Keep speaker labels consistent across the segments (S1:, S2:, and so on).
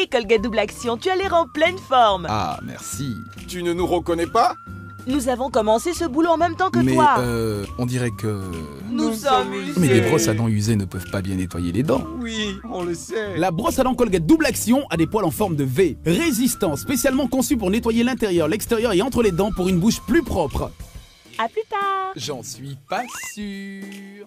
S1: et Colgate Double Action, tu as l'air en pleine forme. Ah, merci. Tu ne nous
S2: reconnais pas Nous avons commencé ce boulot en même temps que toi.
S3: euh, on dirait que... Nous,
S4: sommes Mais les brosses à
S3: dents usées ne peuvent pas bien nettoyer les dents.
S2: Oui, on le sait. La brosse à dents
S3: Colgate Double Action a des poils en forme de V, résistant, spécialement conçu pour nettoyer l'intérieur, l'extérieur et entre les dents pour une bouche plus propre. À plus tard. J'en suis pas sûr.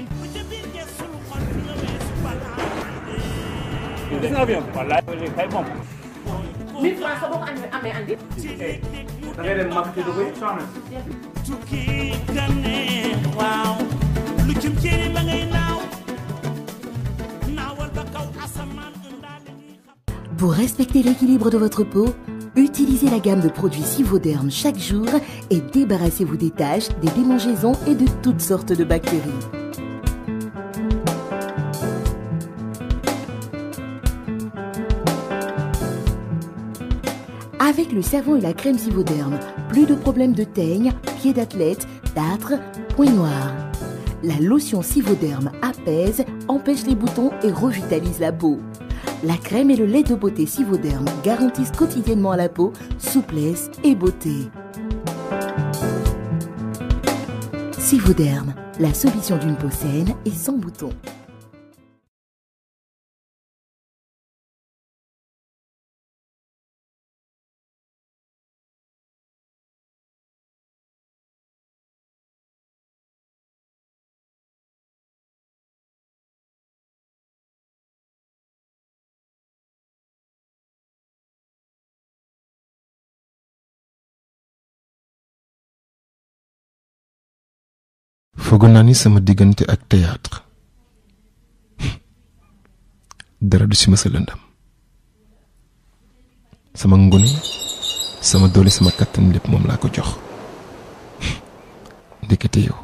S1: Pour respecter l'équilibre de votre peau, utilisez la gamme de produits Sivoderm chaque jour et débarrassez-vous des taches, des démangeaisons et de toutes sortes de bactéries. Avec le savon et la crème Sivoderme, plus de problèmes de teigne, pieds d'athlète, d'âtre, points noirs. La lotion Sivoderme apaise, empêche les boutons et revitalise la peau. La crème et le lait de beauté sivoderme garantissent quotidiennement à la peau souplesse et beauté.
S4: Civoderme, la solution d'une peau saine et sans boutons. foog naa ni sama diggante ak théâtre dara du si ma sa lëndam
S3: sama ngone sama doole sama kattan lépp moom laa ko jox ndekete yow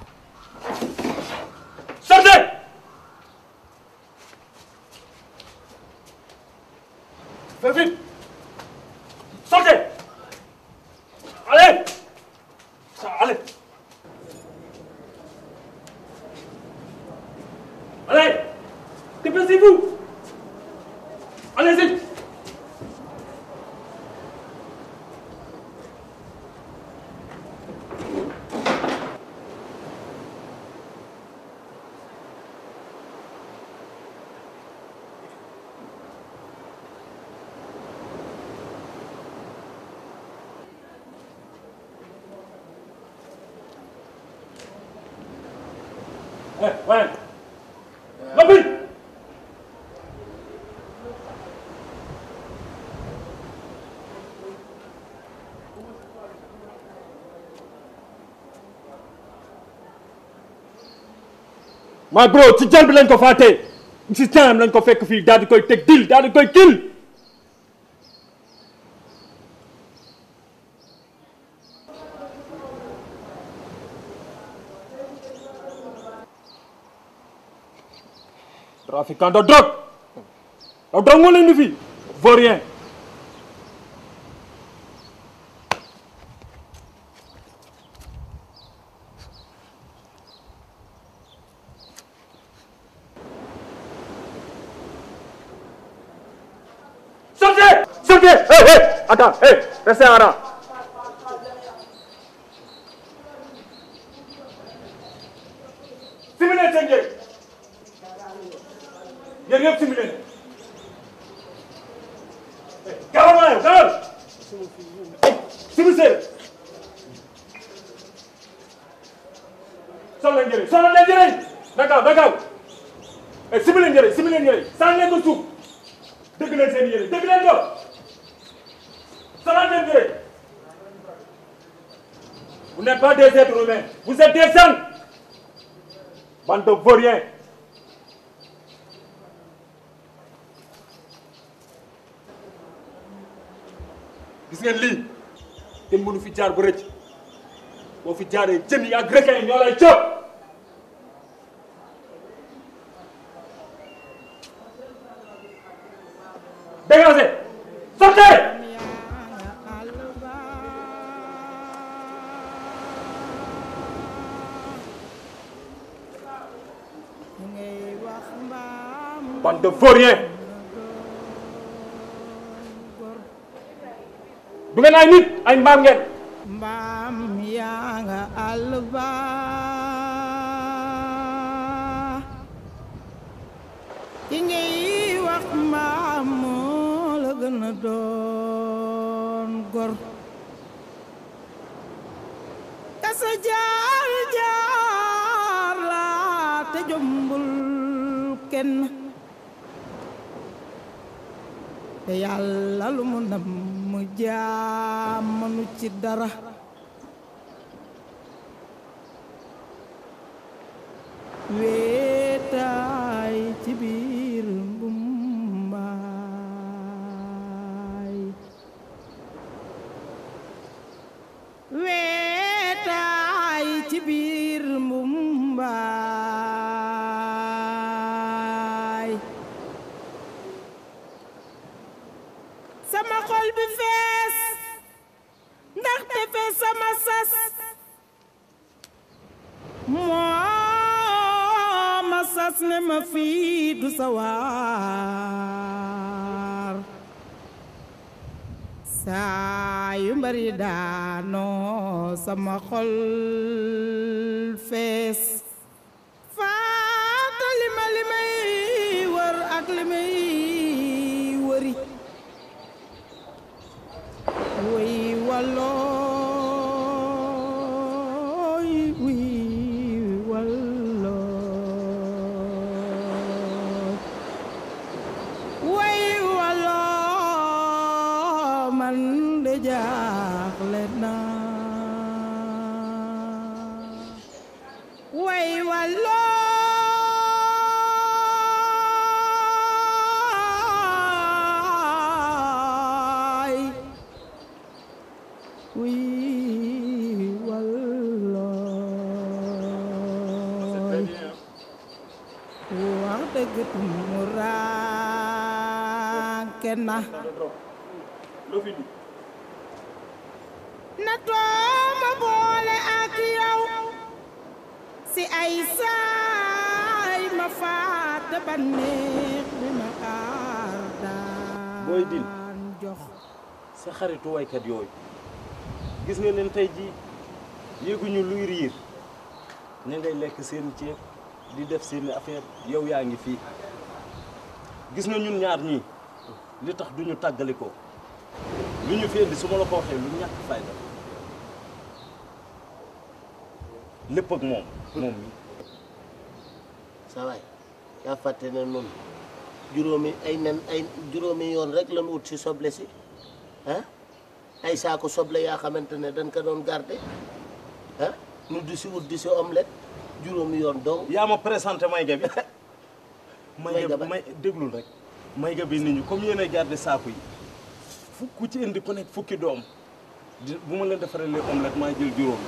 S5: ma gros ci jël bi lañ ko fàttee si temps lañ ko fekk fii daal di koy teg dil daal koy dil trafiquant de drogue da drogue moo leen di fii vaurien आजा ए, वैसे आ रहा Faut rien. gis ngeen lii kenn mënu fi jaar bu rëcc boo fi jaaree jën yi ak requin yi ñoo lay cëpp bande de du ngeen ay nit ay mbaam ngeen.
S6: mbaam yaa nga àll ba ki ngay mbaam moo la gën a doon gor. kasa jaar jaar la te jombul kenn. te yàlla lu mu nam mu jaamanu ci dara wee
S3: xaritu waykat yooyu gis nga leen tey ji yéeguñu luy riir ña ngay lekk seen ceeb di def seeni affaire yow yaa ngi fii gis nga ñun ñaar ñii li tax duñu tàggalikoo lu ñu fi indi la ko waxee lu ñàkk fayda lépp ak moom moom mi sa waay yaa fàtte ne noonu juróomi ay nen ay juróomi yoon rek lan wut si soble si ay saako soble yaa xamante ne dañ ko doon garde ah nu di si wut di si omelette juróomi yoon donc. yaa ma présenté Mayga bi. Mayga may déglul rek. Mayga bi nit ñi comme yéen saako yi fukk ci indi ku nekk fukki doom di bu ma leen defaree lee omelette maa jël juróom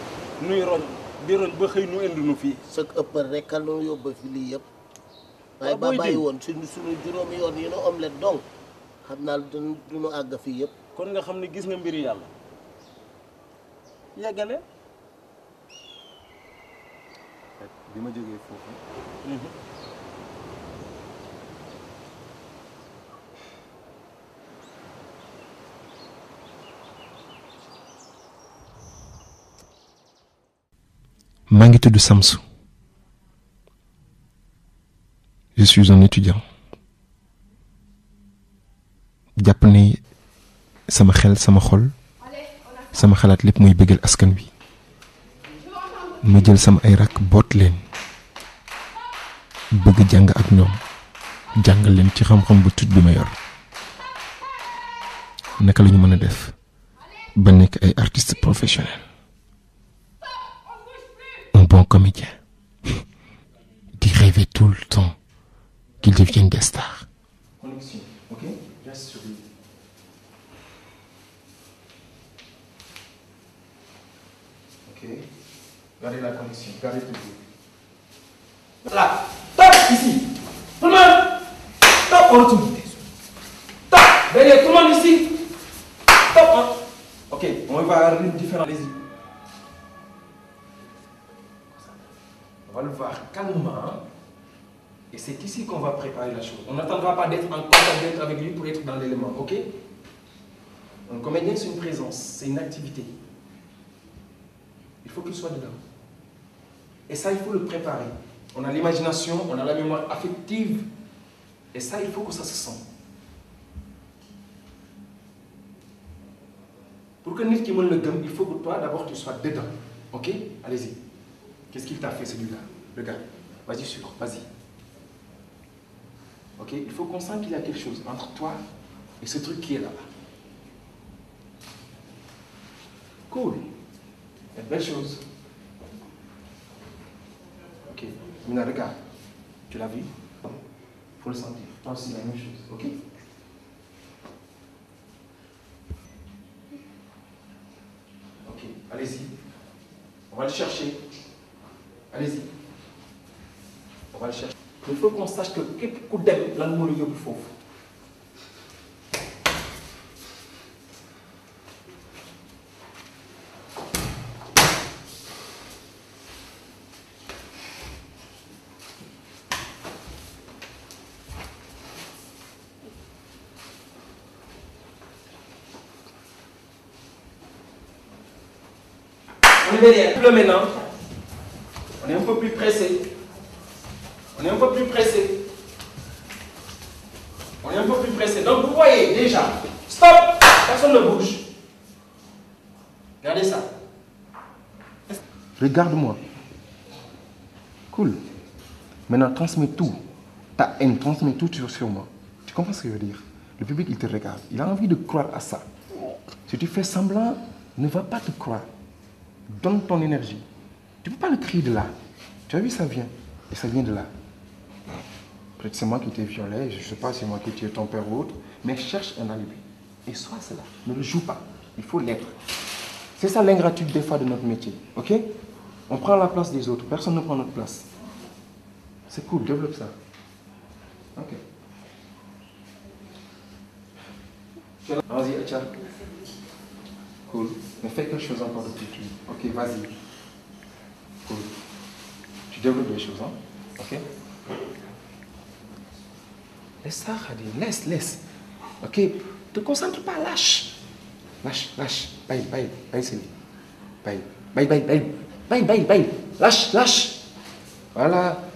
S3: nuy roñ di roñ ba xëy nu indi nu fii. sa ëppal rek kan la yóbbu fi lii yëpp. waaye ba bàyyi woon su suñu juróomi yoon yi nu omelette donc xam naa du nu àgg fii yëpp. kon nga xamni gis nga mbiri yalla yeggale
S5: bi ma jógee foofu mhm.
S3: maa ngi tudd Samsu je suis un étudiant jàpp sama xel sama xol sama xalaat lépp muy bëggal askan wi ma jël sama ay rak boot leen bëgg jàng ak ñoom jàngal leen ci xam-xam bu tut bi ma yor naka la ñu mën a def ba nekk ay artiste professionnel un bon comédien di rêver tout le temps qu'il devienne des stars. Connexion, ok? Reste sur lui. Ok Gardez la connexion, gardez tout..! Voilà
S5: Top..! ici. Tout le monde, Top..! en retourne..! Top..! derrière, tout le monde ici. Top hein..!
S3: Ok, on va avoir une différence. Allez-y. On va le voir calmement. Et c'est ici qu'on va préparer la chose. On n'attendra pas d'être en contact avec lui pour être dans l'élément, ok Un comédien, c'est une présence, c'est une activité. Il faut qu'il soit dedans. Et ça, il faut le préparer. On a l'imagination, on a la mémoire affective. Et ça, il faut que ça se sent. Pour que nit qui le gomme, il faut que toi, d'abord, tu sois dedans. Ok Allez-y. Qu'est-ce qu'il t'a fait, celui-là Le gars. Vas-y, sucre, Vas-y. Ok Il faut qu'on sente qu'il y a quelque chose entre toi et ce truc qui est là-bas. Cool belle chose. Ok. Mina, regarde. Tu l'as vu Pour le sentir. Toi aussi, la même chose. Ok Ok. Allez-y. On va le chercher. Allez-y. On va le chercher. Il faut qu'on sache que quel coup d'aide, l'amour est fauve. maintenant, on est un peu plus pressé. On est un peu plus pressé. On est un peu plus pressé. Donc vous voyez déjà, stop, personne ne bouge. Regardez ça. Regarde-moi. Cool. Maintenant, transmets tout. Ta haine, transmet tout sur, sur moi. Tu comprends ce que je veux dire Le public, il te regarde. Il a envie de croire à ça. Si tu fais semblant, ne va pas te croire donne ton énergie. Tu ne peux pas le crier de là. Tu as vu, ça vient. Et ça vient de là. Peut-être c'est moi qui t'ai violé, je ne sais pas, si c'est moi qui t'ai ton père ou autre, mais cherche un alibi. Et sois cela. Ne le joue pas. Il faut l'être. C'est ça l'ingratitude des fois de notre métier. OK On prend la place des autres. Personne ne prend notre place. C'est cool, développe ça. OK. Vas-y, Cool. Mais fais quelque chose encore de plus. Ok, vas-y. Cool. Tu développes les choses, hein? Ok? Laisse ça, Khadim. Laisse, laisse. Ok? Te concentre pas, lâche. Lâche, lâche. Bye, bye, bye, Céline. Bye. Bye, bye, bye. Bye, bye, bye. Lâche, lâche. Voilà.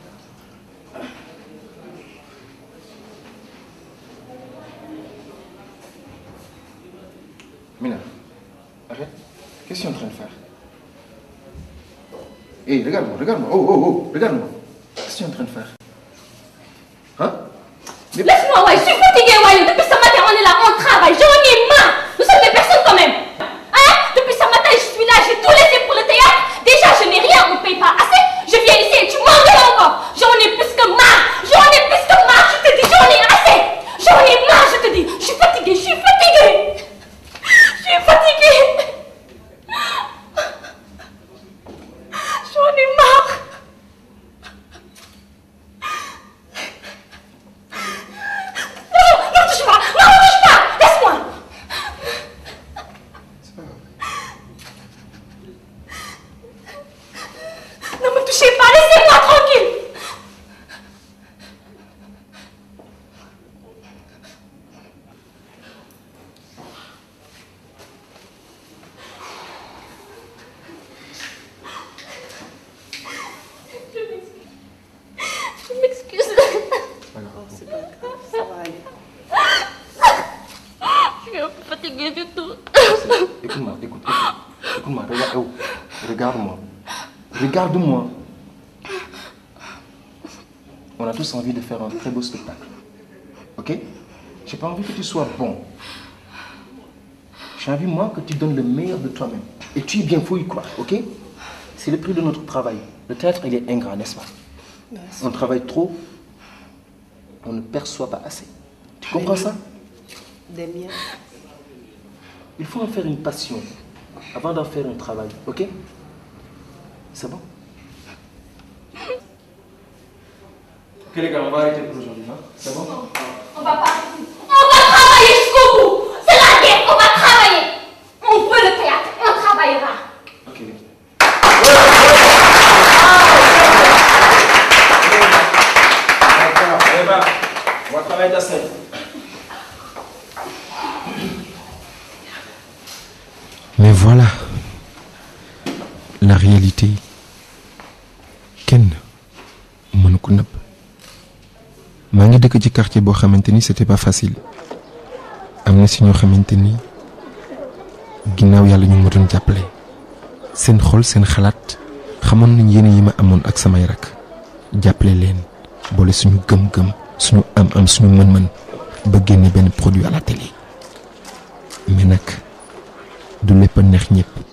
S3: regarde-moi, regarde-moi. Oh, oh, oh, regarde-moi. Qu'est-ce que tu es en train de faire Regarde-moi. On a tous envie de faire un très beau spectacle. Ok J'ai pas envie que tu sois bon. J'ai envie, moi, que tu donnes le meilleur de toi-même. Et tu es bien, faut quoi. ok C'est le prix de notre travail. Le théâtre, il est ingrat, n'est-ce pas On travaille trop, on ne perçoit pas assez. Tu comprends ça miens. Il faut en faire une passion avant d'en faire un travail, ok C'est bon
S7: Ok les gars, on va arrêter pour aujourd'hui. Hein? C'est bon Non, on va pas
S3: mangi ngi dëkk ci quartier boo xamante ni c'était pas facile am na si ñoo xamante ni ginnaaw yàlla ñu ma doon jàppale seen xol seen xalaat xamoon nañ yéen yi ma amoon ak samay rak jàppale leen boole suñu gëm-gëm suñu am-am suñu mën-mën ba génne benn produit à la télé mais nag du lépp neex ñëpp.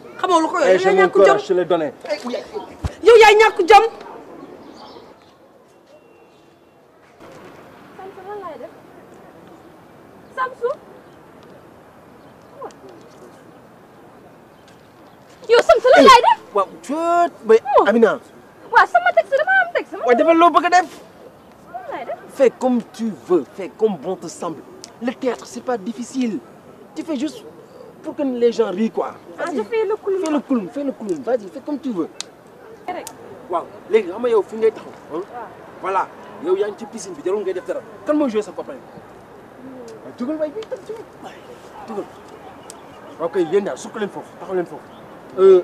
S1: xamoo lu eh, je le donné eh, Yo jom. Yo
S3: tu Yo Amina.
S1: sama texte dama am texte. defal
S3: bëgg fais comme tu veux fais comme bon te semble le théâtre c'est pas difficile tu fais juste pour que les gens rient quoi. Ah, fais le clown fais le clown fais le vas-y fais comme tu veux. waaw hein? voilà y a une petite piscine Tu ok euh,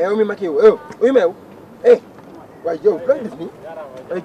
S3: eh oui mais eh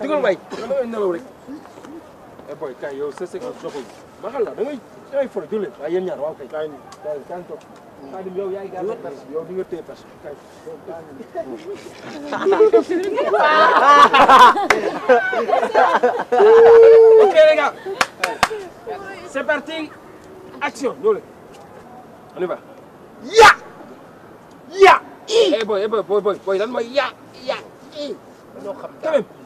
S3: digal waay dama ngay nelaw rek eh boy kay yow sa sek joxul ba xal la da ngay da ngay foro jëlee waaye yéen ñaar waaw kay kay kan toog Khadim yow yaay gàllankoor pers yow di nga téye pers
S2: kay ok les gars c'est parti
S3: action ñoo leen on y va ya ya eh boy eh boy boy boy lan mooy ya ya i ñoo xam quand même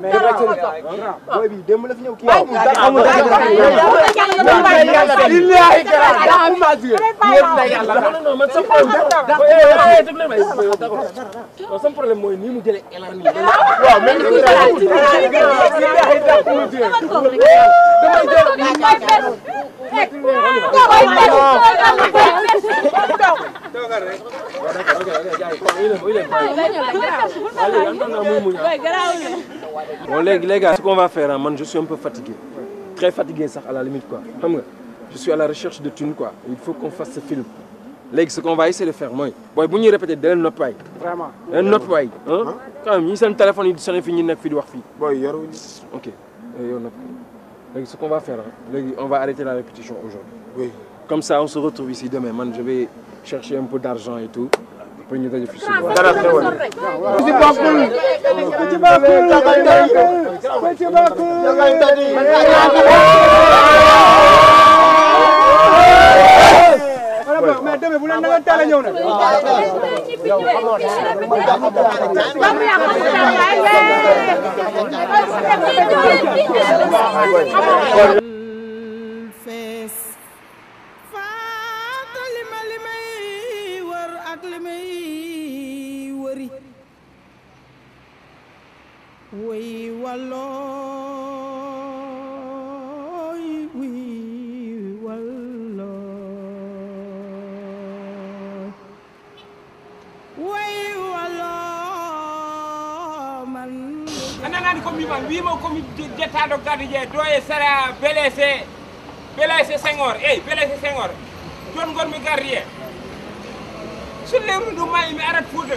S3: mais booy bi démb la fi ñëw kii amul dara amul dara billahi kala amul ma jigéen ñëpp na yàlla non non man sama problème sama problème mooy ni mu jëlee élan ni waaw mais ni billahi da ko mu jël damay jël
S4: ni koy fess rek
S2: koy
S3: fess rek Bon, les, les gars, ce qu'on va faire, hein, man, je suis un peu fatigué. Très fatigué, ça, à la limite, quoi. Je suis à la recherche de thunes, quoi. Il faut qu'on fasse ce film. ce qu'on va essayer de faire moi. Bon, bu répéter répète un nopp
S5: Vraiment. vraiment daleen
S3: hein? Hein? quand même a un téléphone yi di sonné fii ñu nekk di wax ok ce qu'on va faire hein. on va arrêter la répétition aujourd'hui oui comme ça on se retrouve ici demain man je vais chercher un peu d'argent et tout. après ñu daje fi suba. dara xewal ku ci bokkul ku
S7: ci bokkul
S8: ku ci bokkul mais demee bu leen na nga teel a ñëw nag.
S4: waaw waaw waaw
S6: way walooy wi walooy way walooy man
S3: a nanaani komi man wiima komi jettaaɗo gadi je do e sara blessé blessé Senghor eyi eh, blessé Senghor jon gonmi gardi e sulle rundu mayi mi arat fouta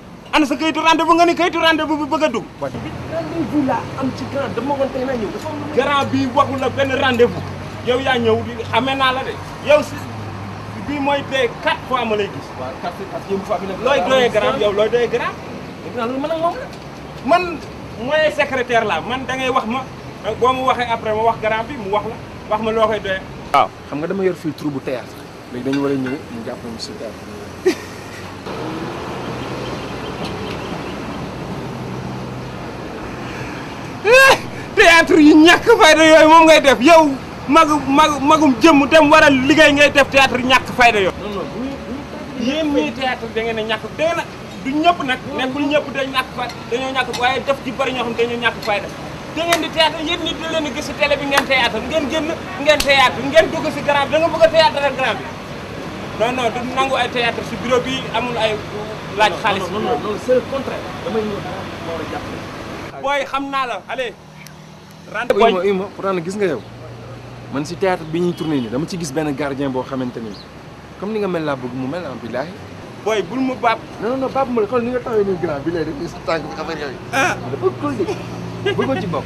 S3: ana sa kayitu rendez-vous nga ni kayitu rendez-vous bi bëgg a dugg. rendez-vous laa am ci grand benn rendez-vous yow yaa ñëw di xamee naa la de yow si bii mooy tey quatre fois ma lay gis. waaw quatre parce que yow fois bi nag. looy doyee grand yow looy doyee grand. dégg naa loolu
S9: man mooy secrétaire laa man da ngay wax ma boo mu waxee après ma wax grand bi mu wax la wax ma loo koy doyee.
S3: waaw xam nga dama yor fii trou bu théâtre léegi dañu war a ñëw ñu jàpp
S7: nañu si théâtre yu ñàkk fayda yooyu moom
S3: ngay def yow mag magu magum jëmm dem waral liggéey ngay def théâtre ñàkk fayda yooyu yéen ñii théâtre da ngeen a ñàkk dégg nag ñëpp nag nekkul ñëpp dañ ñàkk fayda dañoo ñàkk waaye def ci bëri ñoo xam dañoo ñàkk fayda da ngeen di si télé bi ngeen théâtre ngeen génn ngeen théâtre ngeen dugg si grand bi da nga a théâtre bi non non du nangu ay théâtre si bureau bi amul ay laaj xaalis
S5: naa la allez rendez-vous
S3: ima pourtant nag gis nga yow man si théâtre bi ñuy tourné nii dama ci gis benn gardien boo xamante ni comme ni nga mel laa bëgg mu mel am billaahi booy bul mu baab non non baab ma xool ni nga taxawee nii grand bi lay def sa tànk a xafar yooyu dafa cool de bëggoon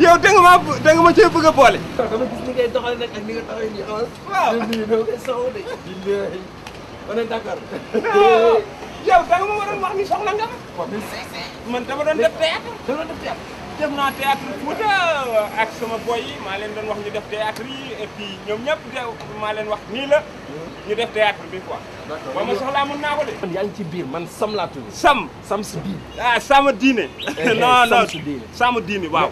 S3: yow da nga ma da ma cee bëgg a boole dama gis ni ngay doxale nag ma waroon wax man dama doon def théâtre dama doon def théâtre def naa théâtre Fouta ak sama boy
S9: maa leen dan wax ñu def théâtre yi et puis ñoom ñëpp maa leen wax nii la ñu def théâtre bi quoi. d'accord ma soxlaa mën
S3: naa ko man yaa ngi ci biir man Sam laa tudd. Sam Sam si biir. ah Sama Diine. Eh, eh, non non Sama Diine waaw.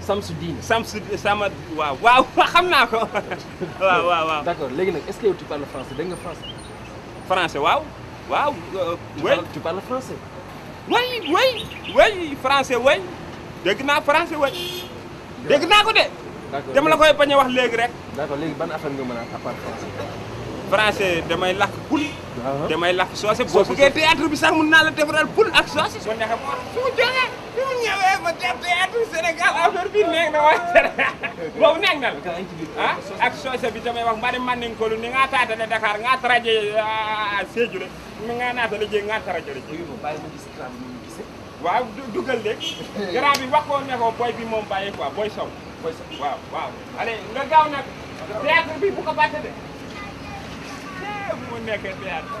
S3: Sam su diine. Sam su sama waaw waaw xam naa ko waaw waaw waaw. léegi nag est-ce que yow tu parles français waaw. waaw. oui euh, tu way way way français way dégg naa français way dégg naa ko de. dama la koy bañ a wax léegi rek. d'accord léegi ban affaire nga mën a à français damay lak bul damay lak soose boo buggee théâtre bi sax mun naa la defaral bul ak soose su nexe moo su ma jógee su ma def théâtre Sénégal affaire bi neex na waaye Sénégal boobu neex na la ak soose bi damay wax mbari man ko lu ni Dakar traje traje waaw dugal de grand bi ko boy bi moom bàyyi quoi boy sow boy sow waaw waaw allez
S1: nga gaaw nag théâtre bi bu ko
S3: ma nekkee théâtre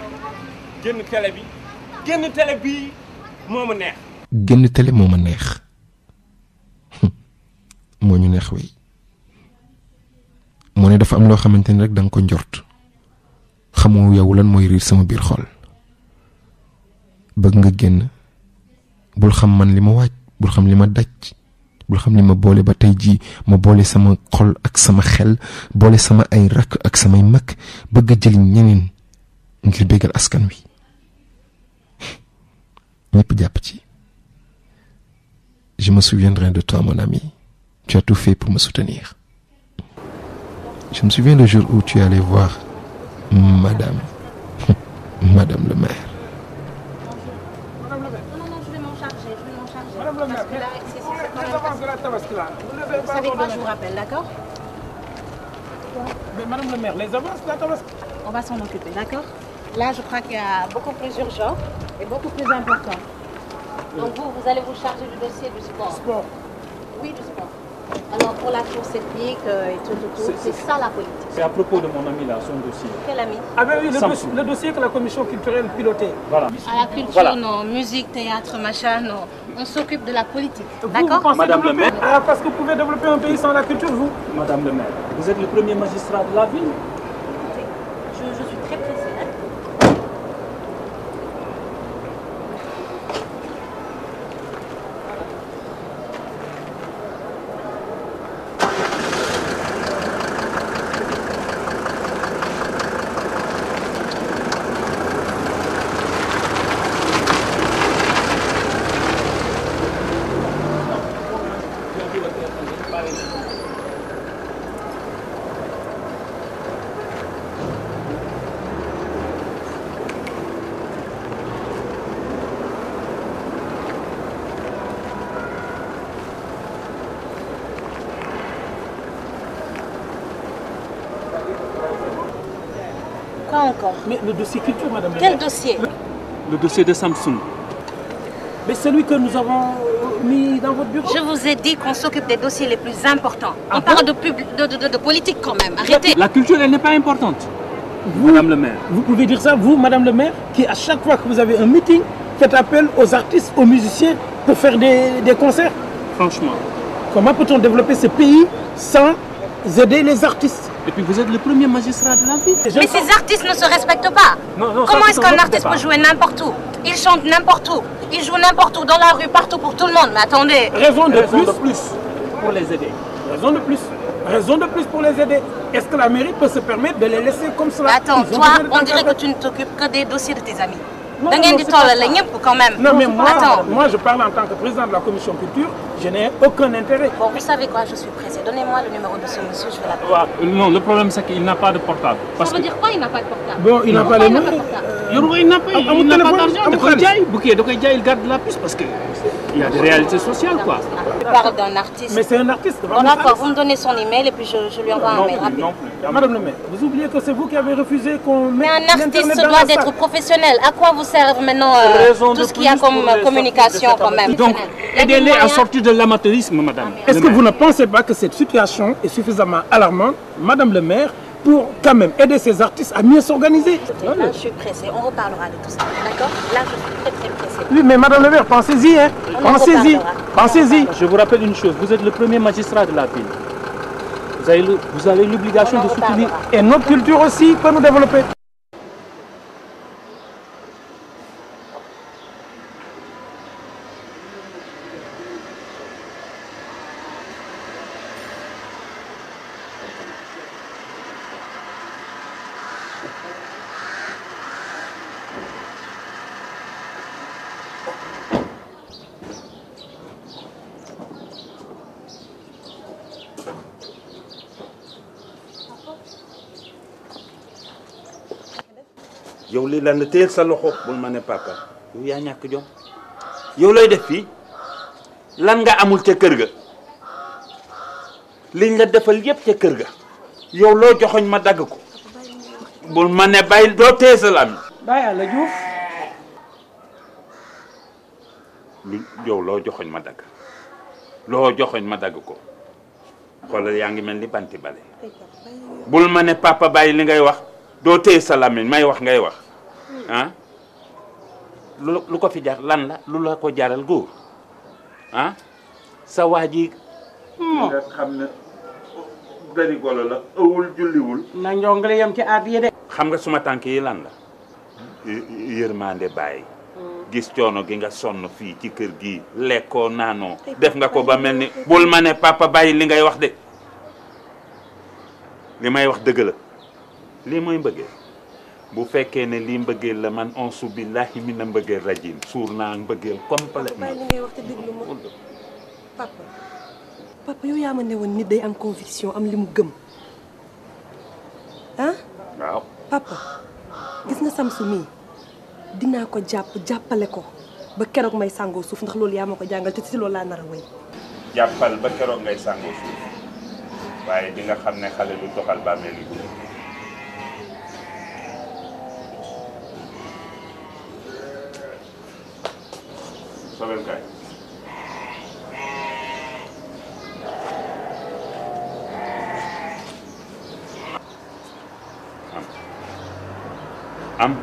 S3: génn télé bi génn télé bii moo ma neex génn télé moo ma neex moo ñu neex way moo ne dafa am loo xamante rek da ko njort xamoo yow lan mooy riir sama bir xol bëgg nga génn bul xam man li ma bul xam li ma bul xam li ma boole ba tey jii ma boole sama xol ak sama xel boole sama ay rakk ak samay mag bëgg jëli ñeneen ngir bégal askan wi ñëpp jàpp je me souviendrai de toi mon ami tu as tout fait pour me soutenir je me souviens le jour où tu es allé voir madame madame le maire
S1: Vous
S2: savez quoi, je vous rappelle, d'accord Mais madame le maire, les avances, la tabasque. On
S10: va s'en occuper, d'accord Là, je crois qu'il y a beaucoup plus urgent et beaucoup plus important. Donc vous, vous allez vous charger du dossier du sport. Sport. Oui, du sport. Alors pour la course ethnique euh, et tout, tout, tout c'est ça la politique.
S9: C'est à propos de mon ami là, son dossier.
S10: Quel
S1: ami Ah
S9: ben oui, le, dossier, que la commission culturelle pilotait. Voilà. À la culture,
S1: non, musique, théâtre, machin, non. On s'occupe de la politique. D'accord Madame le maire.
S5: Ah, parce que vous pouvez développer un pays sans la culture, vous Madame le maire, vous êtes le premier magistrat de la ville. dossier de Samsung.
S1: Mais celui que nous avons euh, mis dans votre bureau. Je vous ai dit qu'on s'occupe des dossiers les plus importants. On ah parle de, de, politique quand même. Arrêtez.
S5: La culture, elle n'est pas importante.
S3: Vous, Madame le maire. Vous pouvez dire ça, vous, Madame le maire, qui à chaque fois que vous avez un meeting, faites appel aux artistes, aux musiciens pour faire des, des concerts. Franchement. Comment peut-on développer ce pays sans aider les artistes et puis vous êtes le premier magistrat de la ville. Mais ces artistes
S1: ne se respectent pas. Comment est-ce qu'un artiste peut jouer n'importe où Il chante n'importe où. Il joue n'importe où, dans la rue, partout, pour tout le monde. Mais attendez. Raison de, plus,
S3: pour les aider. Raison de plus raison de plus pour les aider. Est-ce que la mairie peut se permettre de les laisser comme cela Attends,
S1: toi, on dirait que tu ne t'occupes que des dossiers de tes amis. Non, non, quand même. Non, mais moi, moi,
S9: je parle en tant que président de la commission culture je n'ai aucun intérêt. Bon, vous
S1: savez quoi, je suis pressé. Donnez-moi le numéro de ce monsieur, je vais
S9: l'appeler. non, le problème c'est qu'il n'a pas de portable. ça veut dire
S1: quoi, il n'a pas de portable Bon, il n'a pas de numéro. Euh, il n'a pas, il n'a d'argent.
S9: Il garde
S3: la puce parce qu'il y a des réalités sociales, quoi.
S1: Il parle d'un artiste. Mais c'est un
S3: artiste. Bon, d'accord, vous me
S1: donnez son email et puis je, lui envoie un mail rapide. Non plus. Ah, madame
S5: le maire, vous oubliez que c'est vous qui avez refusé qu'on mette Mais un artiste doit être professionnel.
S1: À quoi vous servent maintenant euh, tout ce qu'il y a comme communication, quand même Donc, aidez-les à sortir
S9: de l'amateurisme, madame. Est-ce que vous ne pensez pas que cette situation est suffisamment alarmante, madame le maire, pour quand même aider ces artistes à mieux
S3: s'organiser. Je
S1: suis pressée, on reparlera de tout ça, d'accord Là, je suis très très Oui, mais Madame
S3: le
S5: maire, pensez-y, hein
S1: Pensez-y, pensez-y.
S5: Je vous rappelle une chose, vous êtes le premier magistrat de la ville. Vous avez l'obligation de soutenir... Et notre culture aussi pour nous développer.
S9: li lan la téyel sa loxo bul ma ne papa yow ya ñak jom yow lay def fi lan nga amul ci kër ga liñ la defal yépp ci kër ga yow lo joxoñ ma dag ko bul ma ne bayil do téye sa lam
S2: bàyyi àlla juuf
S9: li yow lo joxoñ ma dag lo joxoñ ma dag ko xoolal yaa ngi banti balé bul mané ne papa bàyyi li ngay wax do téye salamine may wax ngay wax ah lu lu ko fi jar lan la lu la ko jaral góor ah sa waa ji. Hmm. nga xam ne dari golo la ëwul julliwul. na njongale yam ci aat yi de. xam nga suma tànk lan la hmm. yërmande bàyyi. Hmm. gis coono gi nga sonn fii ci kër gi lekkoo naanoo def nga ko ba mel ni bul ma ne papa bàyyi li ngay wax de li may wax dëgg la mooy mbëggee bu fekkee ne lii mbëggeel la man onsu billahi min mbeugel mbëggeel rajim suur naa mbëggeel complètement li ngay wax te déglu ma
S1: papa papa yow yaa ma ne woon nit day am conviction am limu mu gëm ah waaw papa gis nga samsu mii dina ko japp jappale ko ba keroog may sango suuf ndax loolu yaa ma ko jàngal te ci loolu la nara a
S9: jappal ba keroog ngay sango suuf waye di nga xamne ne xale lu doxal bàmmeel samym kraju. am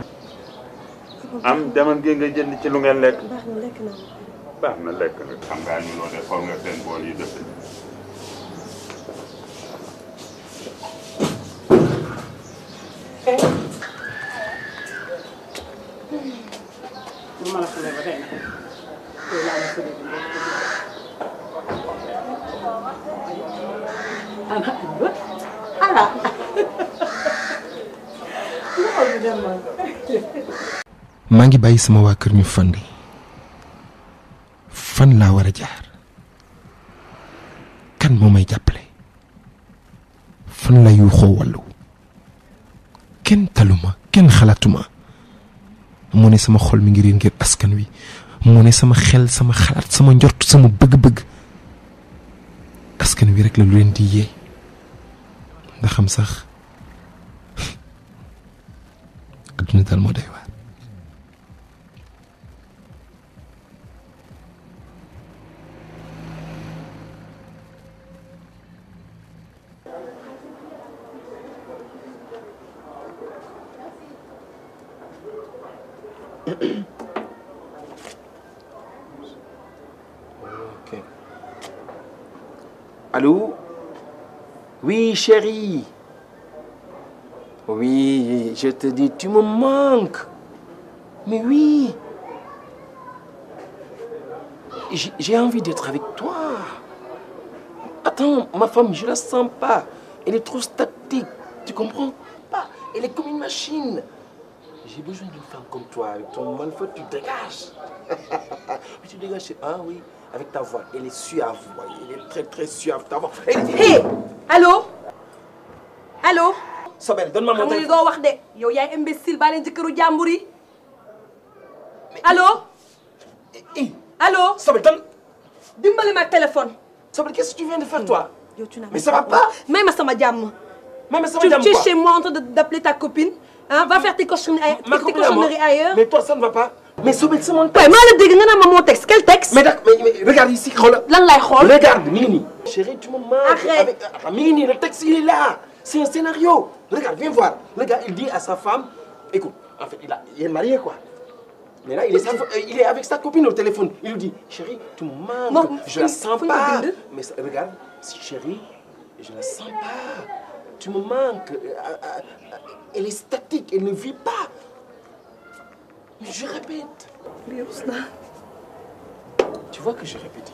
S9: am demal ngeen nga jënd ci lu ngeen lekk. baax na lekk na. baax na lekk na. xam ngaa ñu loolu de foog nga seen bool yi
S3: maa ngi bàyyi sama waa kër ñu fandi fan laa war a jaar kan moo may jàppale fan la yuuxoo wàllu kenn taluma kenn xalaatuma moo ne sama xol mi ngi réer ngir askan wi mu ne sama xel sama xalaat sama njort sama bëgg-bëgg askan wi rek la lu leen di yee nga xam sax adduna daal moo day chérie. Oui, je te dis, tu me manques. Mais oui, j'ai envie d'être avec toi. Attends, ma femme, je la sens pas. Elle est trop statique. Tu comprends pas Elle est comme une machine. J'ai besoin d'une femme comme toi. Avec ton malfait, tu dégages. Mais tu dégages, ah oui, avec ta voix. Elle est suave. Elle est très, très suave. Ta voix.
S1: Sobel donne moi mon téléphone Yo, wax de Yo, yaay imbécile baa que jëkkëru jàmbur yi Allô? allo Sobel donne. moi ma téléphone. Sobel qu'est-ce que tu viens de faire toi. Hmm. mais ça va pas. ça ma sa madame. ma sama tu es chez moi en train d'appeler ta copine. Hein, va faire tes cochonneries ailleurs.
S3: mais toi ça ne va pas. mais Sobel c'est mon
S1: texte. Mais moi, la dégg que naan
S3: texte quel texte. mais regarde ici xoolal. lan lay regarde Mini.
S1: chérie tu me manques.
S3: arrête ah, Mini, le texte il est là. C'est un scénario. Regarde, viens voir. Le gars, il dit à sa femme, écoute, en fait, il, a, est marié, quoi. Mais là, il est, euh, il est avec sa copine au téléphone. Il lui dit, chérie, tu me manques, non, je la sens pas. Mais regarde.. regarde, chérie, je la sens pas. Tu me manques. Euh, euh, elle est statique, elle ne vit pas. Mais je répète. Tu vois que je répète.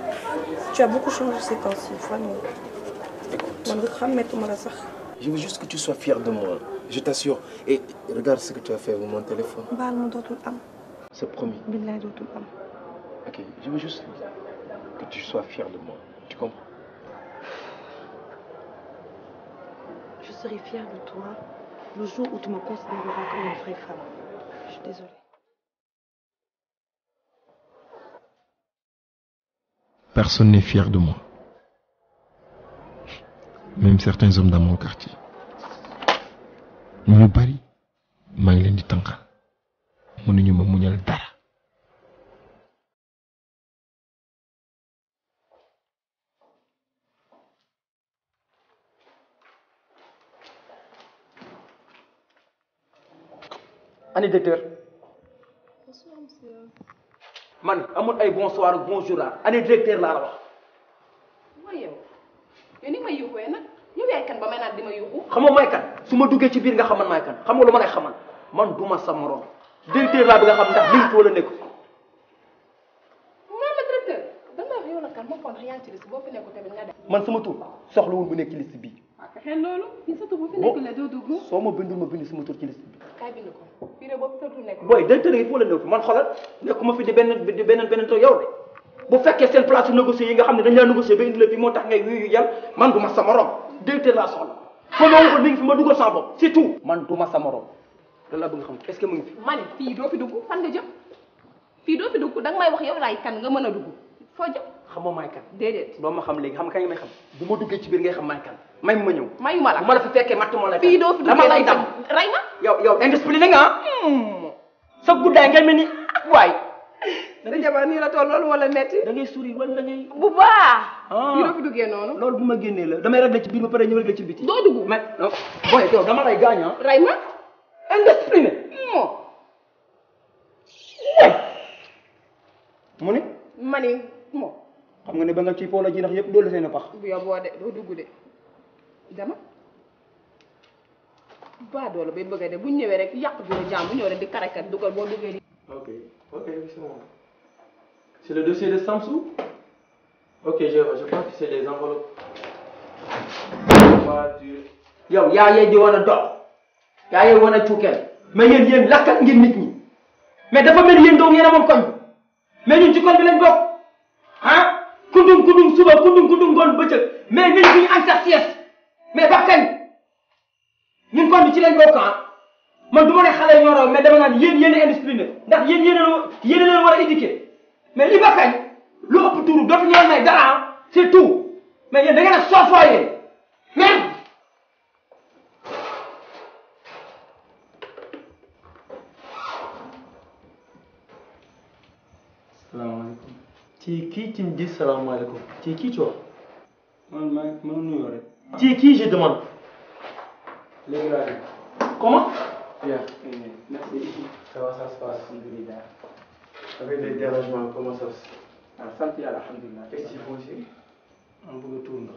S1: Tu as beaucoup changé ces temps-ci,
S3: Je veux juste que tu sois fière de moi. Je t'assure. Et regarde ce que tu as fait avec mon téléphone. C'est promis. Ok, je veux juste que tu sois fière de moi. Tu comprends
S11: Je serai fière de toi le jour où tu me considéreras comme une vraie femme. Je suis désolée.
S4: personne n'est fier de moi.
S3: Même certains hommes dans mon quartier. ñu bari maa
S4: ngi leen di tànqal mënuñu dara.
S3: ani docteur. man amoon ay bonsoir bonjour la année directeur laa la wax.
S1: mooy yow yow ni may yuuxoo eh, nag yow yaay kan ba may naan di ma yuuxu. xam nga may
S3: kan su ma duggee ci biir nga xam man may kan xam nga lu ma lay xamal man duma sa morom directeur laa bi nga xam ndax liñ wala nekk. man sama soxla soxlawul bu nekk ci liste bii
S1: xel loolu ñu
S3: soo ma bindul ma bind sama tur ci liste bi.
S1: kaay bind ko nekk. booy directeur
S3: yi foo leen man xoolal nekkuma fi di benn di benn benn toog bu fekkee seen place yi nga xam ne dañ laa négocier ba indi la fii moo tax ngay man du ma sa morom laa soxla fa xam est-ce que mu ngi fi.
S1: man may wax yow laay kan nga mën a dugg foo jëm. xamoo maay kan déedéet
S3: xam léegi xam nga kañ nga may xam bu ma duggee ci biir ngay xam maay kan may ma ñew
S1: may ma la ma la fi fekke matt mo la fi do fi dama lay dam ray ma
S3: yow yow indiscipliné nga
S1: hmm.
S3: sa
S2: gudday ngay
S1: mel ni waay da jabar ni la toll loolu
S3: wala metti da ngay sourire wala da ngay bu ba ah. yi do fi duggé noonu lol bu ma génnee la damay rek ci biir ba paré ñëwël ga ci biti do duggu mais boy yow dama lay gañ ah
S1: ray ma indiscipliné moo
S3: way mu ne
S1: ma ne moo
S3: xam nga ne ba nga ci polo ji nak yépp do la seen pax
S1: bu yow bo de do duggu de dama baadoolo bay bëgg a dem bu ñëwee rek yaq góor jaam bu ñëw rek di karakat dugal boo duggee di ok ok c'est bon c'est le
S3: dossier de Samsung ok je vois je crois que c'est les enveloppes yow ya yee di wan a dox yaa yee wan a cuukeel mais yéen yéen lakkat ngeen nit ñi mais dafa mel yeen doom yéen a koñ mais ñun ci koñ bi lañ bok
S5: hein ah? kundum kundum suba kundum kundum ngoon bëccëg mais ñun duñu am sax sieste mais ba kañ ñun kon ci lañ bokk ah man du ma ne xale
S3: yi ñoo raw mais dama naan yéen yéen a indiscipliné ndax yéen yéen a yéen a leen war a éduquer mais li ba kañ
S5: lu ëpp tuuru dootu ñu may dara ah. c'est tout mais yéen da ngeen a soofoo yéen même.
S9: salaamaaleykum.
S3: ci kii ci mu gis salaamaaleykum ci kii ci wax.
S9: man maa ngi ma nuyoo rek. Tu qui, je demande Comment Bien.
S3: Merci. va, ça se passe Avec des dérangements, comment ça se passe ah, Santé, alhamdulillah. Qu'est-ce qu'il faut aussi
S5: Un de tourne.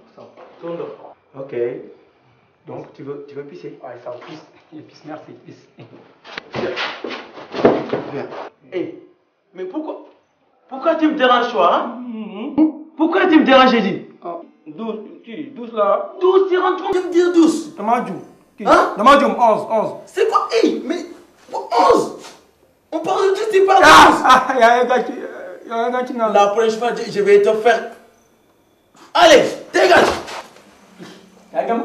S3: Ok. Donc, tu veux, tu veux pisser Ouais, ça pisse. Il merci, pisse. Eh, mais pourquoi Pourquoi tu me déranges, toi
S5: hein
S3: Pourquoi tu me déranges, dit
S5: 12, qui 12 là.
S3: 12, tu rentres compte de me dire 12 Namadjoum. Hein Namadjoum, 11, 11. C'est quoi i mais 11 On parle de 10, tu parles de 11 Ah, ah, ah il euh, un gars qui n'a... La prochaine fois, je vais te faire... Allez, dégage Y'a un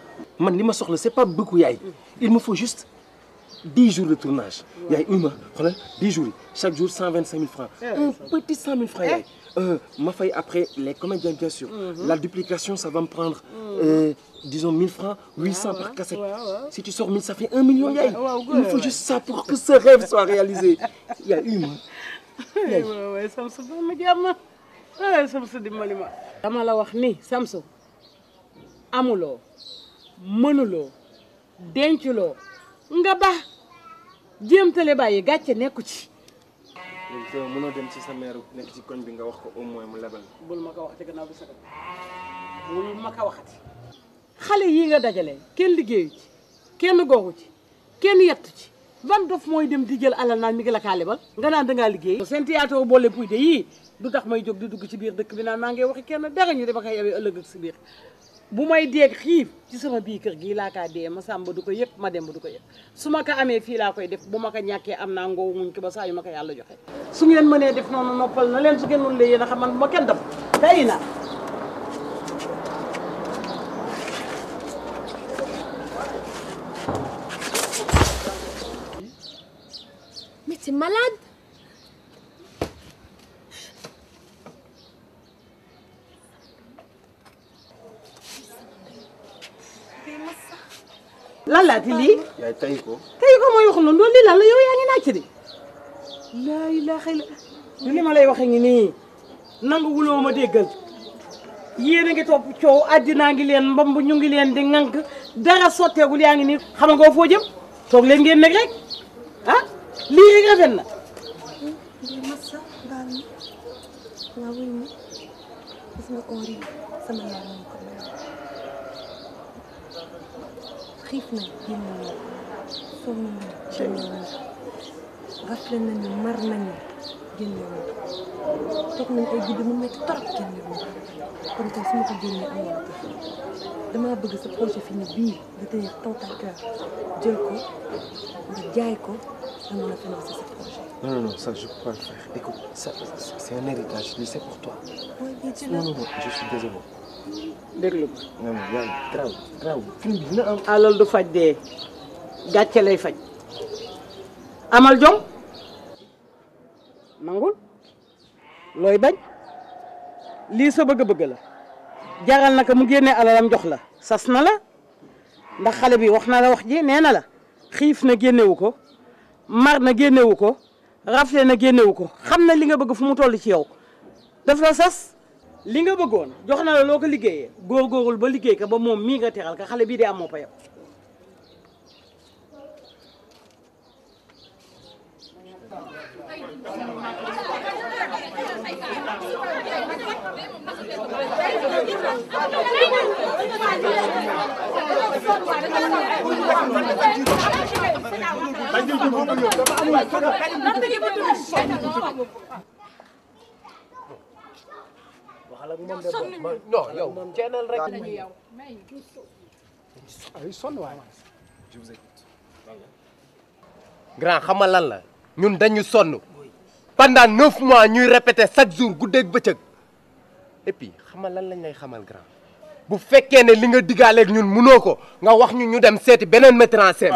S3: man li ma pas beaucoup yay. il me faut juste 10 jours de tournage Il une xoolal 10 jours chaque jour 125 000 francs un petit 100 000 francs eh. euh, ma après les comédiens bien sûr mhm. la duplication ça va me prendre mhm. euh, disons 1000 francs 800 par cassette si tu sors 1000 ça fait 1 million il me faut juste ça pour que ce rêve soit réalisé Y a une
S2: Je dama mënuloo denculoo nga ba jéemtale bàyyi gàcce nekku ci.
S3: léegi te mënoo dem ci sa mère nekk
S2: ci koñ bi nga wax ko au moins mu lebal. bul ma ko waxati gannaaw bi sa bul ma ko waxati. xale yii nga dajale kenn liggéeyu ci kenn googu ci kenn yettu ci ban dof mooy dem di jël alal naan mi ngi la kaa lebal nga naan dangaa liggéey. seen théâtre boole puy de yii du tax may jóg di dugg ci biir dëkk bi naan maa ngi waxi kenn dara ñu dama koy yawee ëllëg ak si biir bu may deeg xiif ci sama bi keur gi la ka de ma sàmba du ko yëg ma dem du ko yëg suma ka amé fi la koy def buma ka ñaké amna am wuñ ko ba sa yu ma ko yàlla joxe su ngeen mëne def noonu noppal na leen su ngeen mënulee yéen xam man ma kenn dab tayina
S1: Mais c'est malade
S2: lan laati lii. yaay tay ko. tay ko mooy lii lan yow yaa ngi naaj ci de. du li ma lay waxee ngi nii nangu wuloo ma déggal yéen a ngi topp coow addinaa ngi leen mbamb ñu ngi leen di ŋànk dara sotteegul yaa ngi nii xam nga foo jëm toog leen ngeen nekk rek ah lii rek rafet na.
S1: xiif nañ génn nañ sonn nañ génn nañ rafle nañu mar nañu génn nañ toog nañ ay guddi mu métti torop génn nañ kon tey su ma ko génnee amoon damaa bëgg sa projet fini bii nga tenir tant à cœur jël ko nga jaay ko nga mën a financer sa projet.
S3: non non non ça je peux pas le faire écoute ça c'est un
S2: héritage lii c'est pour toi. non non non je suis désolé. déglu ko. non alal ah, du faj de gàcce lay faj. amal jom nangul looy bañ lii sa bëgg-bëgg la jaral naka mu génne alalam jox la sas na la ndax xale bi wax na la wax ji nee na la xiif na génnewu ko mar na génnewu ko rafle na génnewu ko xam na li nga bëgg fu mu toll ci yow daf la sas li nga bëggoon jox na la loo ko liggéeyee góorgóorul ba liggéey ka ba moom mii nga teral ka xale bii dee amoo payam
S3: ak moom de bon non yow kennel rek. ay grand xamal la ñun dañu sonn pendant neuf mois ñuy répéter chaque jour guddeeg bëccëg et puis xamal lan lañ lay xamal grand. bu fekkee ne li nga digaaleeg ñun munoo ko nga wax ñu ñu dem seeti beneen metteur en scène.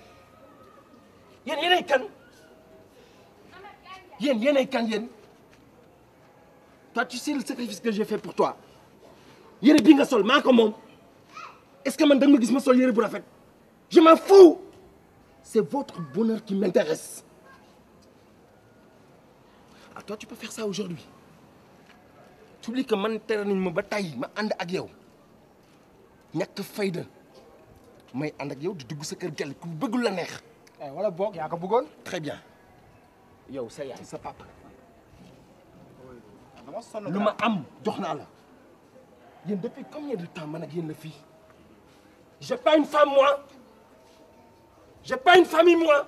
S3: Yen ay kan yen ay kan yen. toi tu sais le sacrifice que j'ai fait pour toi yere bi nga sol mako mom est-ce que man da nga ma gis ma sol yere bu rafet je m'en fous c'est votre bonheur qui m'intéresse ah toi tu peux faire ça aujourd'hui t'oublies que man tere nañ ma ba ma and ak yow ñàkk fayda may and ak yow di dugg sa kër gel ku bëggul la neex wala eh, ko très bien. yow ça ça Je papa. un ma am Il depuis combien de temps man ak la Je j'ai pas une femme moi. j'ai pas une famille moi.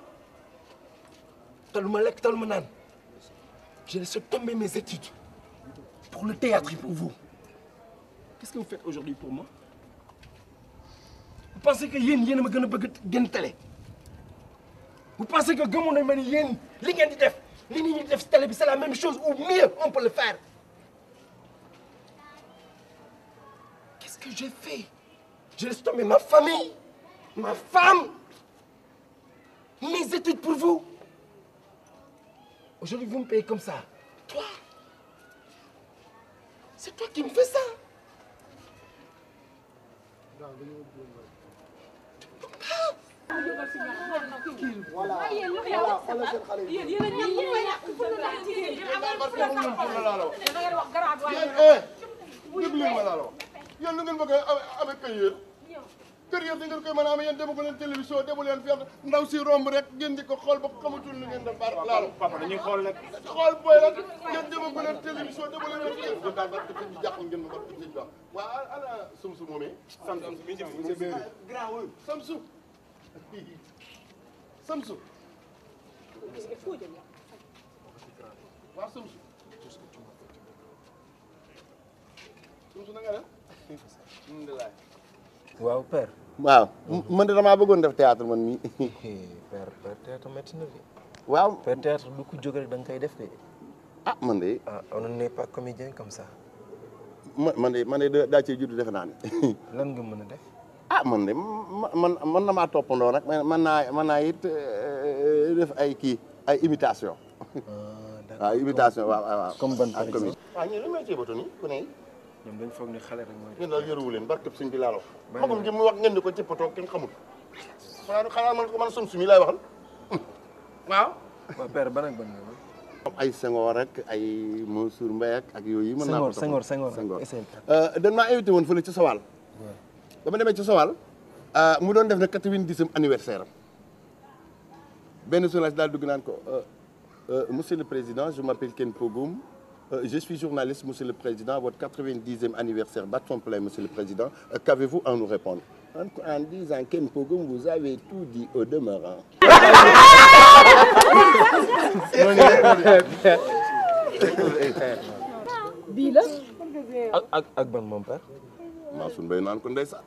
S3: Je laisse j'ai laissé tomber mes études. pour le théâtre et pour vous. qu'est-ce que vous faites aujourd'hui pour moi. vous pensez que vous ne a ma gën de télé vous pensez que gëmoon nañ est c'est la même chose ou mieux on peut le faire qu'est-ce que j'ai fait J'ai laisse ma famille ma femme mes études pour vous aujourd'hui vous me payez comme ça toi c'est toi qui me fais ça
S2: voilà xoolal seen xale yi. yéen
S12: lu ngeen bëgg a amee pay yéen kër yéen da ngeen koy mën a amee yéen demagu leen télévision demagu leen fenn ndaw si romb rek ngeen di ko xool ba xamatul lu ngeen def baar laalo. papa dañuy xool rek. xool booy rek ngeen demagu leen télévision demagu leen fenn. ngeen daal daal di jàpp ngeen ma ko di wax waaw ana Samsu moomee. Samsu mi ngi ci biir Samsu. Samsu. waaw Samsu.
S3: Samsu na nga def. alhamdulilah. waaw père.
S12: waaw man de damaa bëggoon def théâtre man mii.
S3: père per, théâtre métti na de. waaw père théâtre lu ko jóg def de. ah man de. ah on n'est pas comédien comme ça.
S12: man de man de daa cee
S3: lan nga def. ah
S12: man de man mën na maa toppandoo nag mën naa mën naa it eh, eh, def ay kii ay imitation. Ah, waaw imitation waaw waaw. comme ban par exemple. waaw dañ foog ne xale rek leen barke suñ bi laaloo. magum ji mu wax ngeen di ko cëppatoo kenn xamul. xanaa xanaa man man sum sumi laay waxal waaw.
S3: waaw père ban ak ban nga
S12: ay Senghor rek ay Mansour Mbaye ak yooyu. mën naa ko Senghor Senghor Senghor. Euh, dañ maa woon fële ci Sowal. dama demee ci Sowal ah, mu doon def na 90e anniversaire Ben benn journaliste daal dugg euh, euh, monsieur le président je m'appelle Ken Pogoum euh, je suis journaliste monsieur le président votre 90e anniversaire bâton plein monsieur le président qu'avez-vous à nous répondre en disant Ken Pogoum vous avez tout dit au demeurant bii la ak ak ban mon père Mansour Mbaye naan ko ndeysaan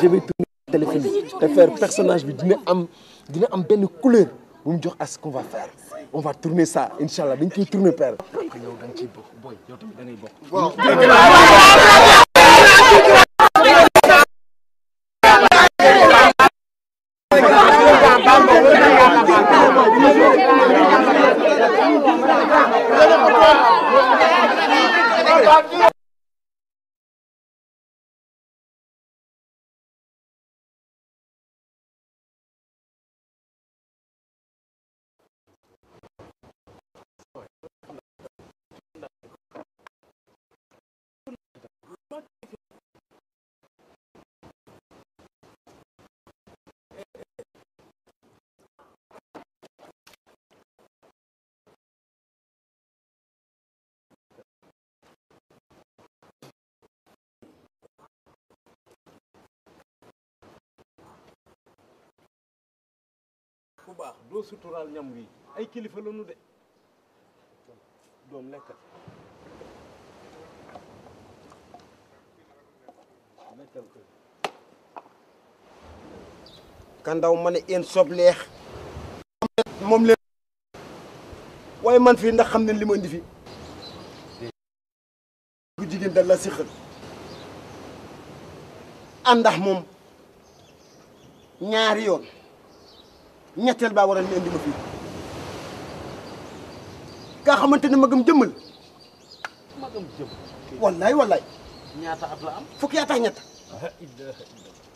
S3: je vais tourner téléphone faire personnage bi dina am couleur On me à ce qu'on va faire on va tourner ça Inch'Allah, qui père.
S5: baax doo suturaal ñam wi ay kilifa la nu de
S3: doom lekkal lekkal sobleex moom leen waaye man fii ndax xam ne li ma indi fi bu jigéen da si xël àndax moom ñaari yoon ñetteel baa waral indi ma fii nga xamante ne magam jëmm la. wallaay wallaay. ñaata at la am. fukki at ak ñett.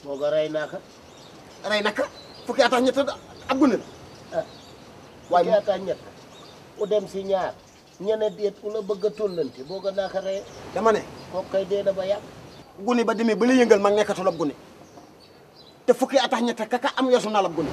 S3: booba rey naa ka. rey na ka fukki at ñett ak gune la. ah fukki ñett u dem si ñaar ñene déet ku la bëgg a tollante booga naa ka rey. dama ne. dee na ba yàgg. gune ba demee ba la yëngal mag nekkatulab gune te fukki at ak ñett kaka am yosu na lab gune.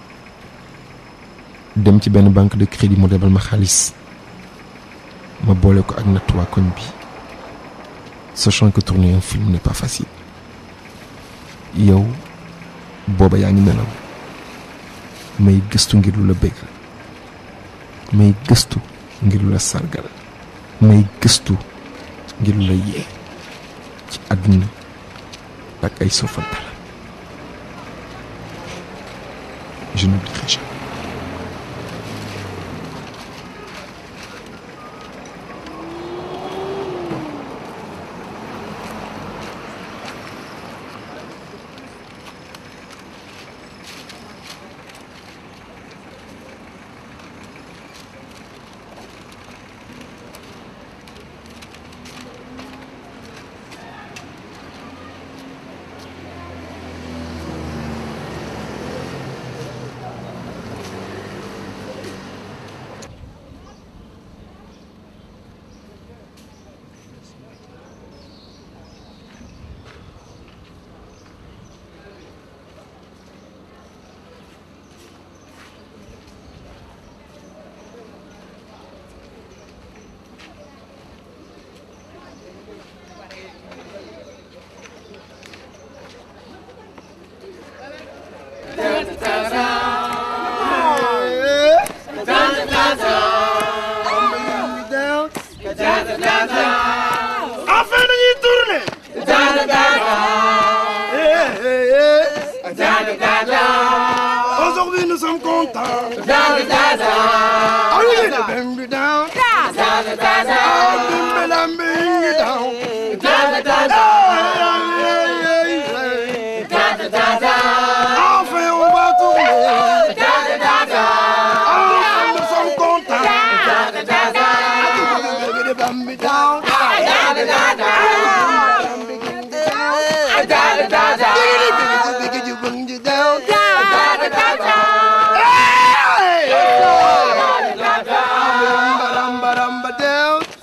S3: dem ci benn banque de crédit mu lebal ma xaalis ma boole ko ak natt koñ bi sachant que tourner un film n'est pas facile yow booba yaa ngi nelaw may gëstu ngir lu la bëgg may gëstu ngir lu la sargal may gëstu ngir lu la yee ci àdduna ak ay sofantal
S4: je n'oublierai jamais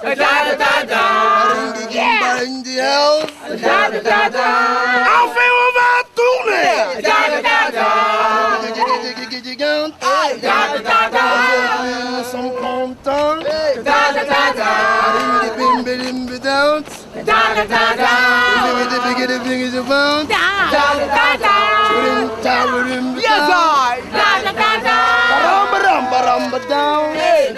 S8: da da da da. Yeah. In the house. Da da da da. I'll feel my tune. Da da da da. Da da da da. Some content. Da da da da. Bim bim bim down. Da da da da. Big big big Da da da da. Da da da da. Yes I. Da da da da. Ram ram ram down.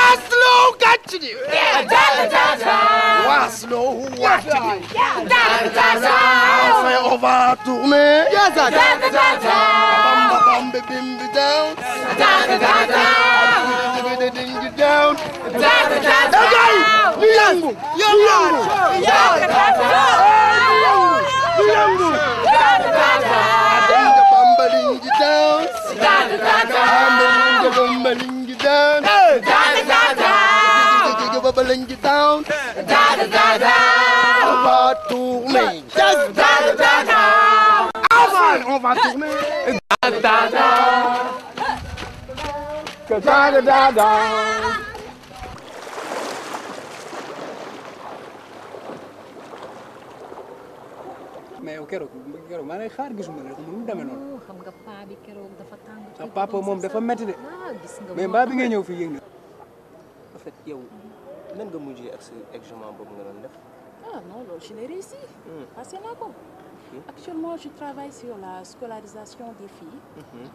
S8: attitude. Yeah, da da da da. Waslo, attitude. Yeah, da da da da. On over on va tourner. Yeah, da da da da da. Bam bam bam bim bim down. Da da da da. Ding ding down. Da da da da. Hey, Liangu, Liangu, da da da da. da da da da. Ding da bam bam ding down. Da down. Da da. rolling you down. Uh, da da da da. On va tourner. Yes, da da da da. Avant, on va tourner. Da da da. Da da da da.
S3: ما يكرو يكرو ما خارج جمل هم دا منو
S10: خم غبا بكرو دا فتان غبا بوم دا فمتني من باب نيو
S3: في ينو فت يو nan nga mujjee ak sa examen bobu nga doon def.
S2: ah non loolu je l'ai réussi. passé naa ko. actuellement je travaille sur la scolarisation des filles. Mhm.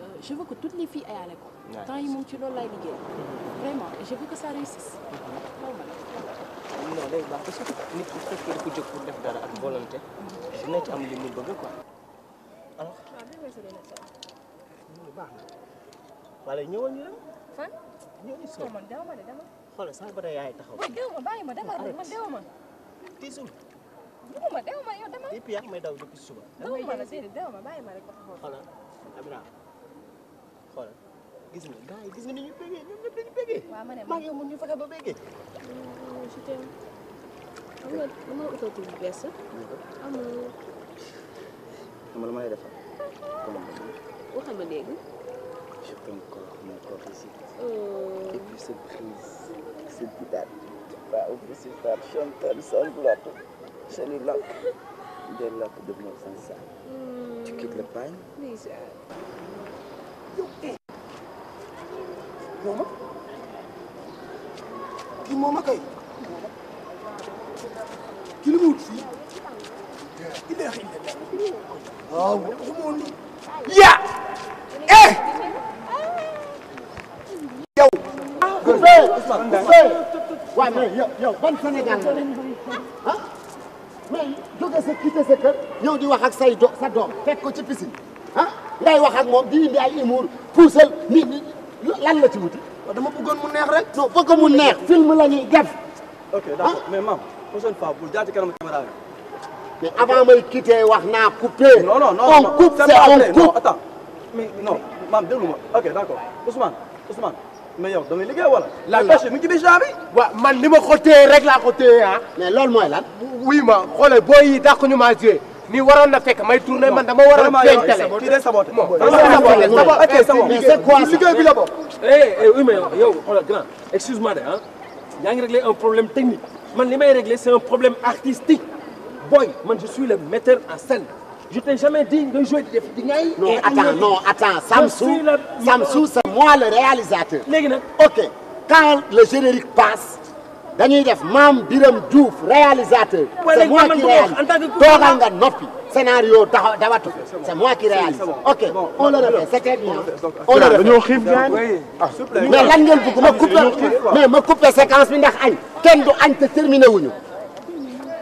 S2: Euh, je veux que toutes les filles aillent à
S4: l'école. temps
S1: yi moom ci loolu laay liggéey. Mhm. vraiment je veux que ça réussisse. Mhm. loolu la.
S3: non day baax parce que nit bu fekkee dafa jóg pour def dara ak volonté. dina ci am li mu bëgg quoi. alors.
S10: waaw ah, hmm, baax na.
S3: wala ñëwoon ñu dem.
S1: fan. ñëwoon ñu si man dama de dama.
S3: xoolal sax ba yaay taxaw. waaw
S1: déw ma bàyyi ma demal ma déw ma. tiisul. déw ma déw ma yow demal. depuis
S2: oh. yaa may daw depuis suba. déw ma la déedéet
S1: déw ma bàyyi ma rek ba
S2: taxaw. xoolal Amina xoolal
S1: gis nga gars yi gis nga ni ñu bégee ñoom ñëpp dañu bégee. waaw ma ne ma maa ngi yow ñu fexe ba bégee. je t'aime. xam nga dama la utootul bu bees. amul.
S6: xam nga lu ma lay defal. waxal ma léegi. je t'aime
S3: encore mon corps ici. et puis cette brise. Siddidat va au festival chanteur sanglotant chez les Locks de Locke de Monsensal. Tu quittes le pain
S8: Déjà. Maman Kii moom a kay
S7: kii li mu wut fii il est xëy na waaw waxuma woon lii yaa eh
S3: waaye mais yow yow ban Sénégal la ne ah mais jóge sa quitté sa kër ñëw di wax ak say do sa doom fekk ko ci piscine ah ngay wax ak moom di indi ay humour puusal nit ñi lan la ci wuti. waaw dama bëggoon mu neex rek. non bëgg mu neex film la ñuy def. ok d'accord ah? mais maam prochaine fois bul jaar ci kanam caméra bi. mais avant may quitté wax naa coupé. non non non on coupe c'est on coupe. non attends mais non maam ma ok d'accord Ousmane Ousmane. mais yow da ngay liggéey wala. lan la mu ngi ci biir champs bi. waaw man ni ma ko téye rek laa ko téye ah. mais loolu mooy lan. wuy ma xoolee booy yi dàq ñu maa joué nii waroon na fekk may tourné man dama waroon. vraiment yow kii day saboté bon mais c'est quoi ça quoi, bi la bokk. eh eh oui mais yow xoolal grand excuse-moi hein. ah yaa ngi réglé un problème technique man li may réglé c'est un problème artistique Boy, man je suis le metteur en scène. Je t'ai jamais dit de jouer des Dingaï. Non, attends, non, attends. Samsou, Samsou c'est moi le réalisateur. Ok. Quand le générique passe, dañuy def Mame Birame Diouf réalisateur. c'est moi qui réalise toogal nga scénario
S2: dawatu c'est moi qui réalise. ok on le refait c'était bien. Hein. on le refait dañoo xiif gaañ.
S3: Ah, mais lan vous bëgg ma ah, couper
S2: mais ma couper séquence bi ndax añ. kenn du añ
S3: te terminé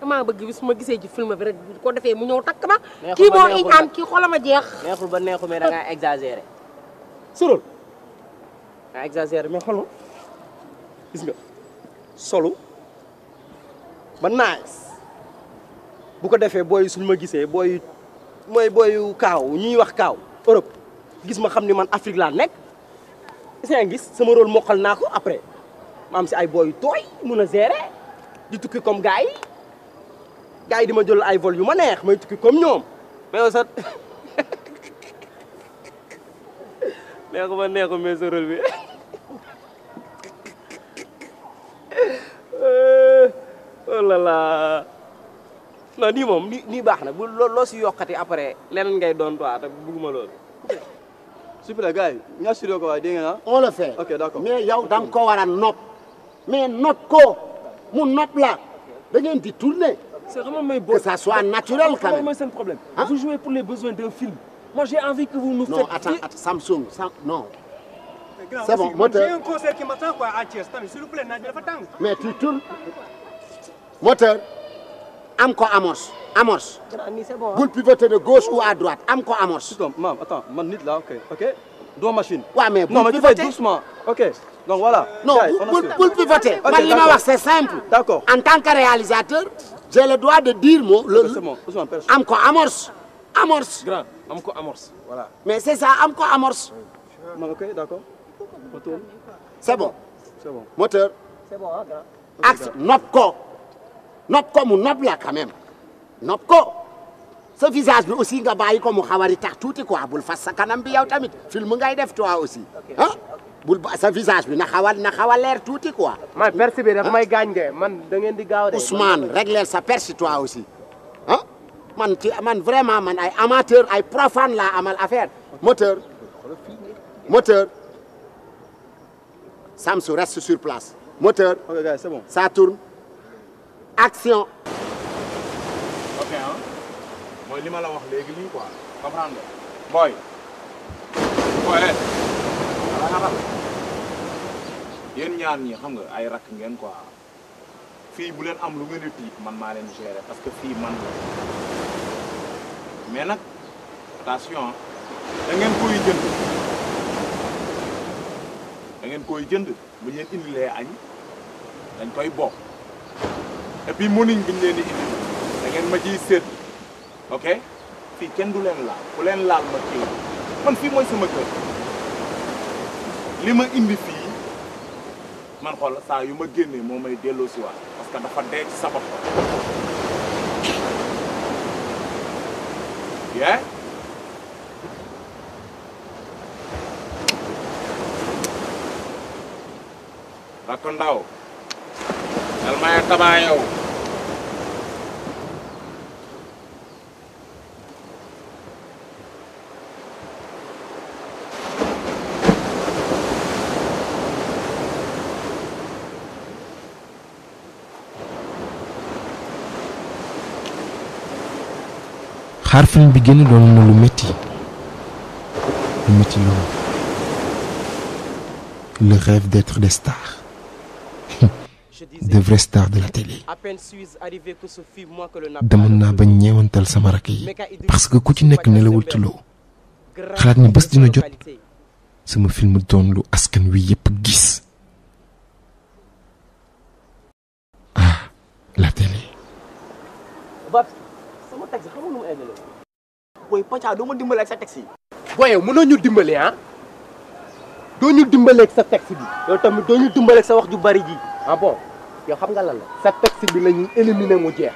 S1: damaa bëgg gis su ma gisee ci film bi rek bu ko defee mu ñëw takk ma.
S3: kii moo iñ am
S2: kii a jeex. neexul ba neexul mais da ngaa exagéré.
S3: solo solo ba nice bu ko defee booy su ma gisee booy mooy booyu kaaw ñuy wax kaaw Europe gis ma xam ni man Afrique laa nekk gis nga gis sama rôle mokkal naa ko après ma si ay booyu tooy mun a gérer di tukki comme gars yi. gars yi di ma jël ay vol yu ma neex may tukki comme ñoom mais yow sax
S2: neexuma neexu
S3: mais sa rôle bi oh là là non nii moom nii baax na bu loo si yokkati après leneen ngay doon quoi te bëgguma loolu. super gars yi ñu assuré ko waaye dégg nga on le fait da nga ko war a nopp mais nopp ko mu nopp la da ngeen di tourner. C'est vraiment mes Que ça soit naturel quand même. C'est un problème. Hein? Vous jouez pour les besoins d'un film. Moi, j'ai envie que vous nous non, faites... Attends, attends, Samsung, non. C'est bon, moteur. J'ai un conseil qui m'attend quoi, à Thiès, s'il vous plaît, de temps. Mais tu tournes. Moteur, am Amos. Amos.
S2: c'est Bon, hein? Vous
S3: pivotez de gauche ou à droite, Amco Amos. amorce. Attends, maman, attends, là, ok, ok doo machine. ouais mais non mais tu fais doucement
S7: ok donc voilà.
S3: non vous, bul pivoter. mais li moi, c'est simple. d'accord en tant que réalisateur. j'ai le droit de dire bon.. loolu am Amco amorce. amorce grand Amco amorce voilà. mais c'est ça Amco amorce. ok d'accord. c'est bon. c'est bon moteur.
S2: c'est bon hein, grand.
S3: axe Nopco.. Nopco mon Nop quand même Nopco sa visage aussi nga bàyyi ko mu xaw a tax quoi bul fas sa kanam bi yow tamit film ngay def toi aussi hein bul sa visage bi na xawal na xaw a leer quoi. man perche bi daf hein? may gaañ de man da ngeen di gaaw de. Ousmane régler sa perche toi aussi hein man ci man vraiment man ay amateur ay profane la amal affaire moteur moteur Samsou reste sur place moteur. ok c'est bon ça tourne action. mooy li ma la
S12: wax
S9: léegi lii koi comprendre nga booy booy wala nga xam yéen ñaar ñi xam nga ay rakk ngeen quoi fii bu leen am lu ngeen di man maa leen gérer parce que fii man la mais nag attention dangeen koy jënd dangeen koy jënd bu ñu leen indilee añ dañ koy bokk et puis mënuñ bi ñu leen di indi da ngeen ma ciy sédd ok fii kenn du leen laal ku leen laal ma kii man fii mooy sama kër
S12: li ma indi fii
S9: man xool saa yu ma génnee moo may delloo si waat parce que dafa dee ci yee rakk ndaw dal may tabaayoo
S3: film bi doon lu le rêve d'être des stars de vraies stars de la télé demoon naa ba ñeewantal sama rakk parce que ku ci nekk nelawul ci loo que ni bés dina jot sama film doon lu askan wi yépp gis ah la télé taxi xamoo nu mu egg la booy Pocha doo sa taxi. Boy, yow mënoo ñu dimbale ah doo ñu dimbale sa taxi bi yow tamit doo ñu dimbale ak sa wax ju bari ji ah bon yow xam nga lan la sa taxi bi la ñuy éliminer mu jeex.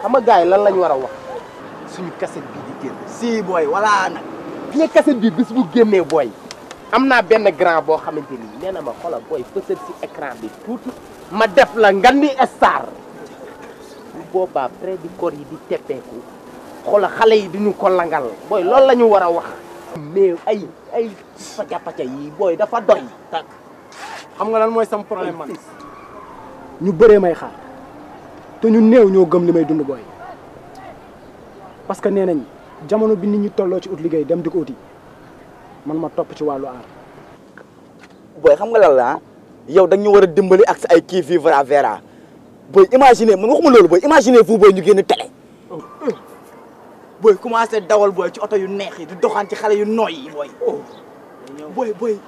S3: xam nga gars lan la ñu wax suñu kaset bi di génn si boy, wala nag. bi nga kaset bi bis bu génnee booy am naa grand boo xamante ni nee na ma xoolal booy fësal si écran bi tuuti ma def la nga star boobaa cor yi di ko xoola xalé yi duñu ko langal boy lool lañu wara a wax mais ay ay paca-paca yi boy dafa doy xam nga lan moy sam problème man ñu bëré may xaar té ñu néew ñoo gëm limay dund boy parce que nee jamono bi nit ñi tollo ci out liggéey dem diko outi man ma top ci walu ar boy xam nga lan la yow dañu war a dimbali ak ay kii vivre à verra booy imaginer man waxuma loolu booy imaginer fu booy ñu génn télé. booy commencé dawal booy ci oto yu neex yi di doxaan ci xale yu nooy yi booy. booy booy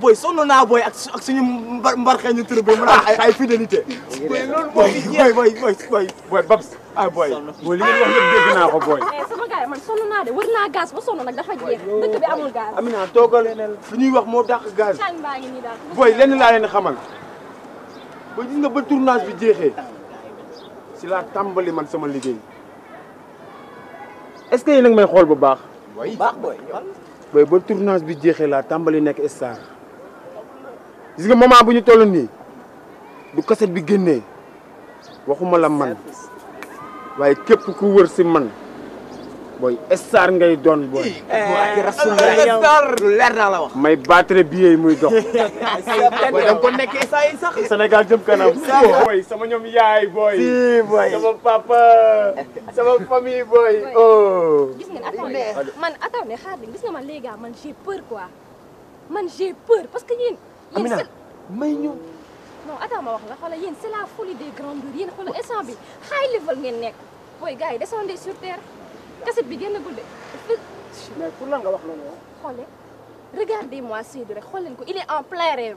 S3: booy sonn naa booy ak ak suñu mbar mbarxee ñu tur bi mën a ay ay fidélité. booy loolu booy booy booy booy booy Babs ah booy. booy li ngeen wax yëpp dégg naa ko booy. Eh,
S1: sama gars yi
S3: ñuy wax moo dàq gaz. booy lenn laa leen xamal. ba gis nga ba tournage bi jeexee si laa tàmbali man sama liggéey est-ce que yi a may xool bu baax. bu baax booy. booy bi jeexee laa tàmbali nekk star gis nga moment bu ñu toll nii du kaset bi génnee waxuma la man waaye képp ku wër si man. booy star ngay doon booy. lu leer naa la
S9: wax. may battre billet muy dox.
S3: booy da nekk saa yi sax.
S9: Sénégal jëm kanam. booy
S3: sama ñoom yaay booy. sama papa sama famille booy. Oh. gis ngeen
S1: nga man léegi man j'ai peur quoi man j'ai peur parce que yéen.
S3: Amina may
S1: ñu. non ma wax la xoolal yéen c'est la folie des grandeurs yéen xoolal instant bi high level ngeen nekk booy gars yi descendez sur Hein. regardez-moi il est en plein rêve.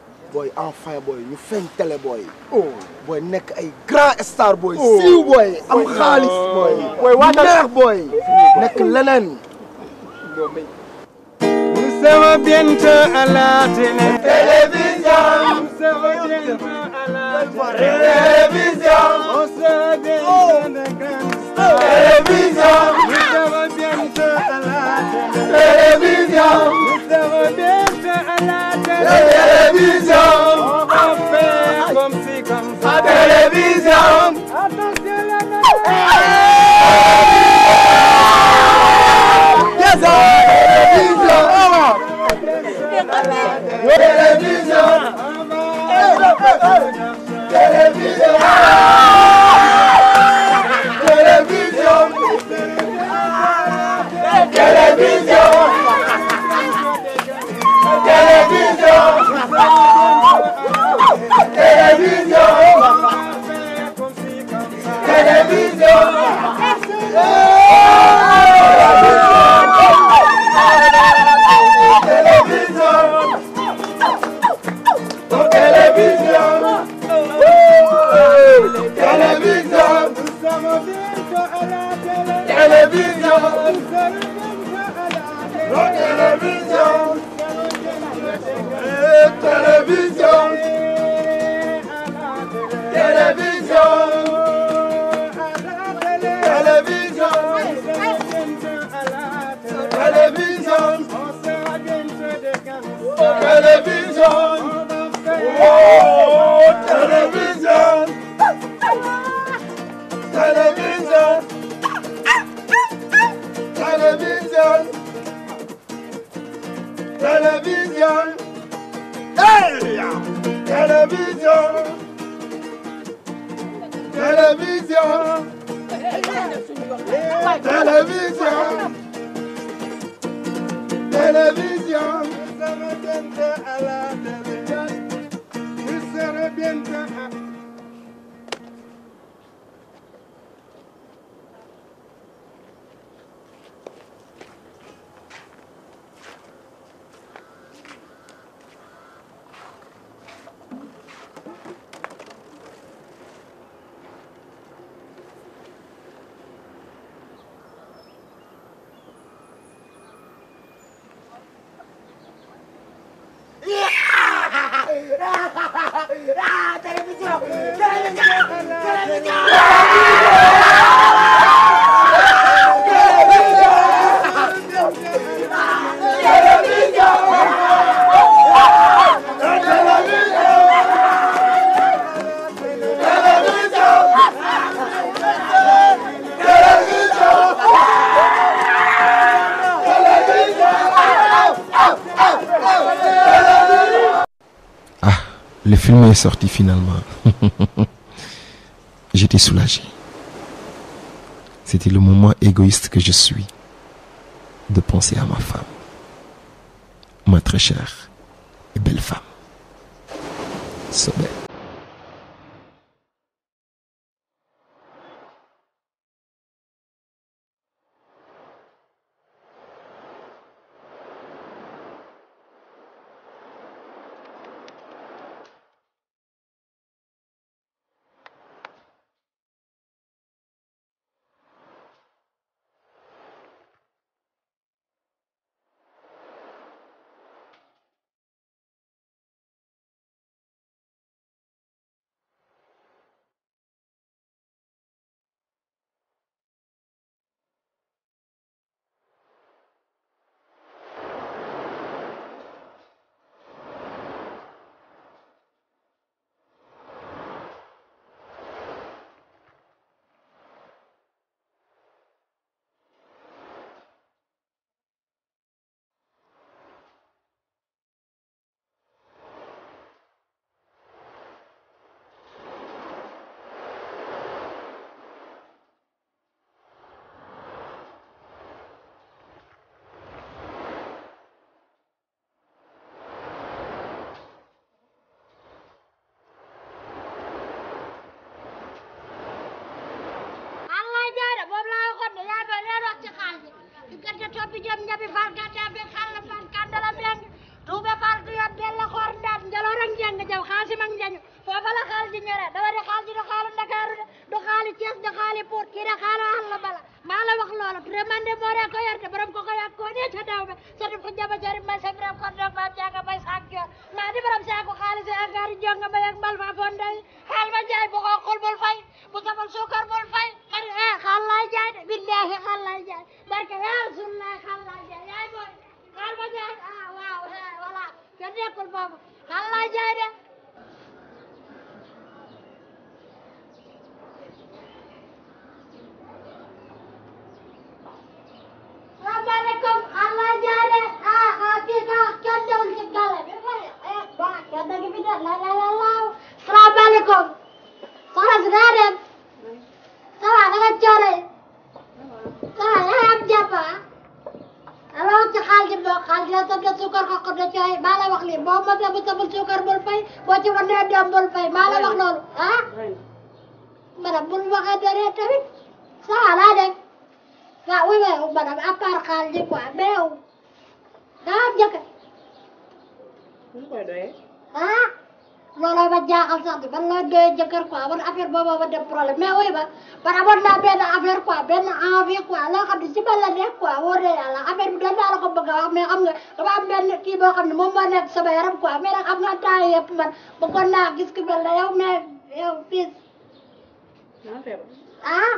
S3: Boy, enfin boy ñu feeñ télé Oh, boy. nekk ay grand star boy, siiw boy. am oh. boy. Boy, boy waatal neex boy, nekk
S7: leneen. nous sommes bientôt à la télévision. nous sommes bientôt à la télévision. on oh. télévision. nous sommes bientôt à la télévision. nous sommes bientôt à la la télévision. On va comme si,
S8: comme ça. la télévision. Attention la télévision. télévision.
S4: Télévision. Télévision. Télévision.
S7: Télévision, télévision, télévision. television.
S4: Oh, television.
S7: Television. Television. Television. Hey! Television. Television. Television. Television. we ala dele. Isere bienta
S3: sorti finalement. J'étais soulagé. C'était le moment égoïste que je suis de penser à ma femme,
S4: ma très chère.
S11: ni por kira khalo halla bala mala wakhlo ala premande bora ko yarde borom ko ko yakko ni chadaw be sadu ko jaba jari ma sabram ko dak ma jaga bay sakyo ma di borom sa ko khalis e agari jonga bay ak bal fa bonday hal ma jay bu ko khol bol fay bu sabal sukar bol fay kar e eh, khalla jay de billahi khalla jay barka ya sunna khalla jay ay boy
S10: khal ma jay ah waaw eh,
S11: wala ko dekul babu khalla jay de السلام عليكم صار صغارب طلع لغة جاري طلع لها بجبا أنا وانت خالد بو خالد لا تبل سكر قبل شاي ما لا وخلي بو ما تبل تبل سكر بالفاي بوتي ونادم بالفاي ما لا وخلول ها مرة بول وغادر يا تبي sa halade ga wiwe umbadam apar kaldi ko abew daam jake nu koy doyee ah looloo ma jaaxal sax ban loo doyee jëkkër quoi war affaire boobu ba dem problème mais oui ba par amoon naa benn affaire quoi benn envie quoi loo xam ne si ma la nekk quoi wóor na yàlla affaire bi doon naa la ko bëgg a wax mais xam nga dama am benn kii boo xam ne moom moo nekk sama yaram quoi mais nag am nga temps yëpp man bëggoon naa gis ku mel ne yow mais yow
S4: fii
S11: ah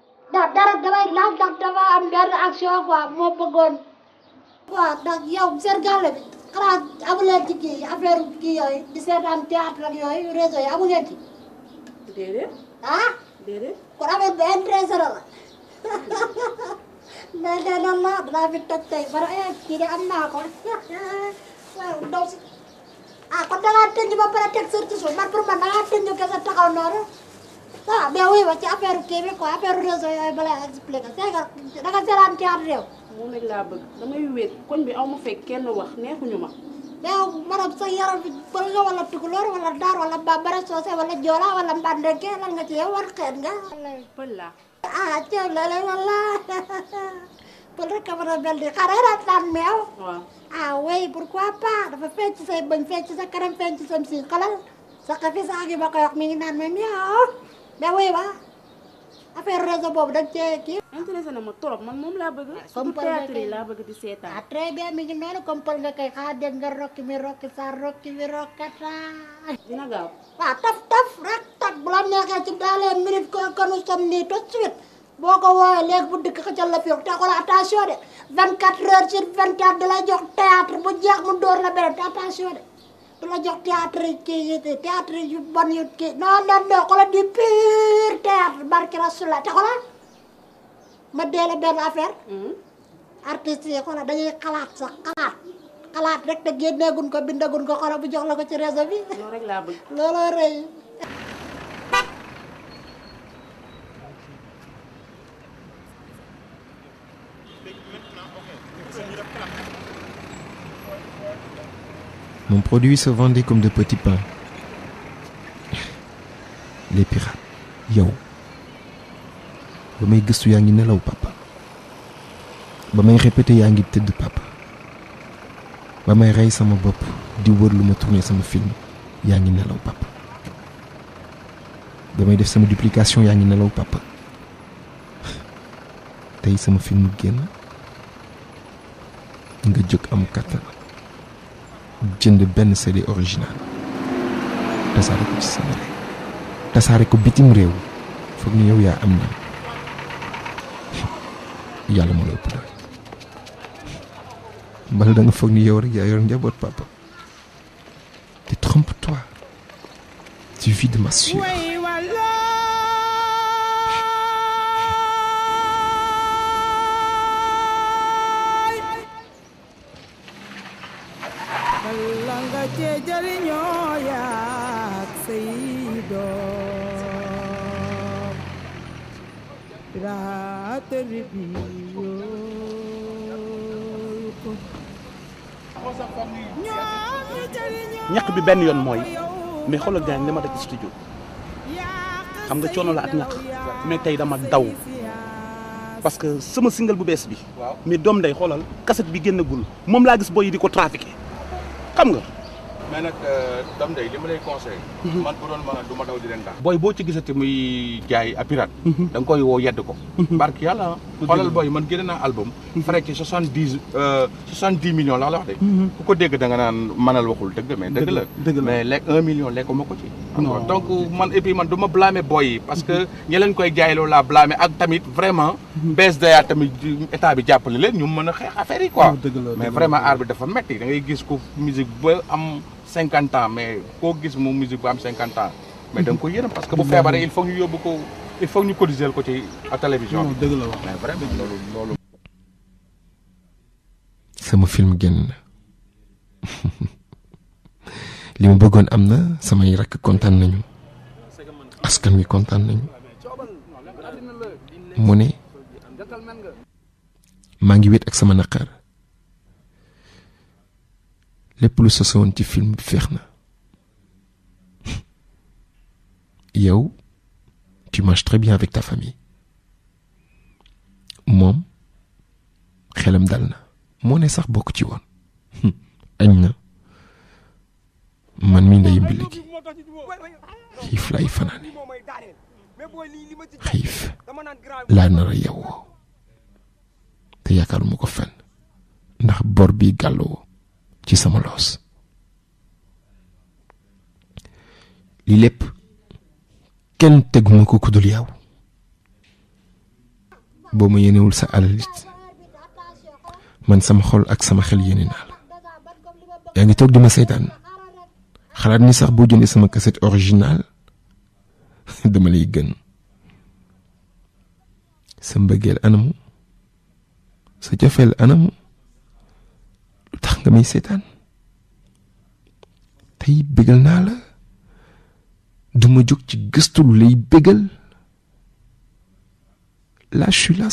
S11: Dabar damay laaj ndax dama am benn
S10: action quoi moo bëggoon. waaw ndax yow seen gàlle bi xanaa amu leen ci kii affaire kii yooyu di seetaan théâtre ak yooyu réseau yi ci. déedéet. ah. déedéet. kon affaire bi intéressé la. mais da na la da fi toj tey bara eh kii de am naa ko waaw ndaw si ah kon da ngaa tënj ba pare teg sa ci suuf man pour man da ngaa tënj taxaw noonu. ah mais wuyu ma ci affaire kii bi quoi affaire réseau yooyu ma lay expliqué Sénégal danga seetaan ci réew. moom lañ laa bëgg damay wéet koñ bi aw ma fekk kenn wax neexuñu ma. yow maanaam sa soose wala joola wala mbàndanke lan nga ci yow xeet nga. pël laa. ah ceeb la a mën a mel ni dafa feeñ say bëñ feeñ sa kanam feeñ ci sa msiin xalal sa xafi saa ngi ma koy wax mi ngi naan ma meew. mais way a affaire réseau boobu da nga cee kii. intéressé na ma trop man moom laa bëgg. Ah, comme par nga kay laa bëgg di seetaan. ah très bien mi ngi noonu comme par nga kay xaa dégg nga rokki mi rokki sa rokki mi rokkata. Ah. taf taf rek tag bu neexee ci dans les minutes que nous nii tout de boo ko woowee léegi bu dikk xëcal la fii te xoolal attention de 24 heures sur 24 da lay jox théâtre bu de. du la jox théâtre kii yi yu bon yu kii non non non xoolal di pur théâtre barke Rasulullah te xoolal ma deele benn affaire hmm? artistes yi xoolal dañuy xalaat sax xalaat xalaat rek te génneegun ko bindagun ko xoolal bu jox la ko ci réseau bi loolu rek laa bëgg
S3: Mon produit se vendait comme de petits pains. Les pirates. Yo. Bamay may gëstu yaa ou nelaw papa Bamay répété yaa tête de papa Bamay ray sa sama bop. di wër lu ma sama film yaa ngi nelaw papa ba may def sama duplication yaa nelaw papa tey sama film génn nga jóg am kattan jënd benn CD original tasaare ko ci ko bitim réew foog ni yow yaa am na yàlla malheureusement, la ëpp da nga ni yow rek yor papa
S7: te trompe-toi
S3: tu vis de ma sueur
S6: jëriñoo
S9: bi benn yoon mooy mais xoolal gaañ li ma def studio xam nga coono la ak ñaq mais tey dama daw parce que sama single bu bees bi mais doom day xoolal kaset bi génnagul moom laa gis boy di ko trafiqué xam nga
S12: mais nag tam euh, day li ma lay conseil mhm. man bu doon mën du ma daw di leen daal.
S9: booy boo ci gisati muy jaay à pirate. Mhm. koy woo yedd ko. Mhm. barke yàlla ah. xoolal booy man génne naa
S3: album. frais ci soixante dix euh, soixante la la de. ku ko dégg da nga naan mënal waxul dëgg la. dëgg lekk un million lekk ma ko ci. donc man et puis man du ma blâmer booy yi parce que ñi leen koy jaayloo laa blâmer ak tamit vraiment. bees dayaa tamit état
S12: bi
S9: jàppale leen ñu mën a xeex affaire yi quoi. Oh, mais cinquante ans mais koo gis mu musique bu am cinquante ans mais da nga ko yërëm parce que bu feebaree il faut ñu yóbbu ko il faut ñu cotiser ko ci à télévision bi. dëgg la wax mais vraiment loolu
S3: sama film génn li mu bëggoon am na samay rakk kontaan nañu askan wi kontaan nañu mu ne maa ngi wéet ak sama naqar. Les lu sont ci film bi tu marches très bien avec ta famille moom xelam dal na moo ne sax bokk ci woon añ man mi xiif fanaane xiif te ndax bor bi ci sama loos li lépp kenn teguma ko kudul yow boo ma yeneewul sa alalit man sama xol ak sama xel yéene naa la yaa ngi toog di ma seetaan xalaat ni sax boo jëndee sama cassette original dama lay gën sa mbëggeel anamu sa jafeel anamu tax nga may seetaan tey bégal naa la duma jóg ci gëstu lay
S7: bégal là je suis là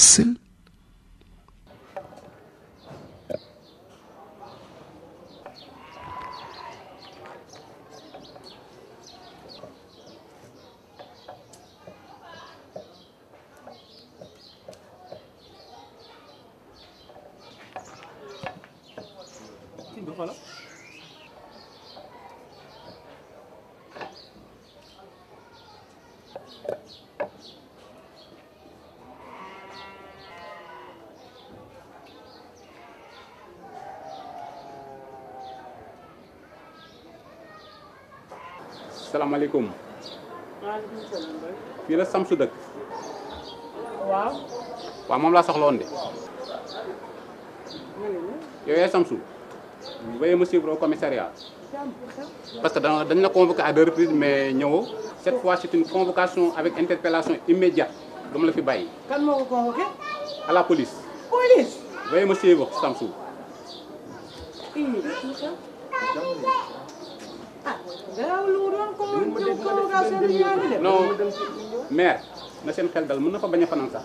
S2: on
S9: Samsou veuillez me au commissariat parce que dans la convocation à deux reprises mais nous, cette fois c'est une convocation avec interpellation immédiate Comme le fait Baye.
S2: kan convoqué. à la police. police.
S9: monsieur monsieur Samsou.
S7: Ah,
S2: non
S9: maire na seen xel dal mën na fa bañ a sax.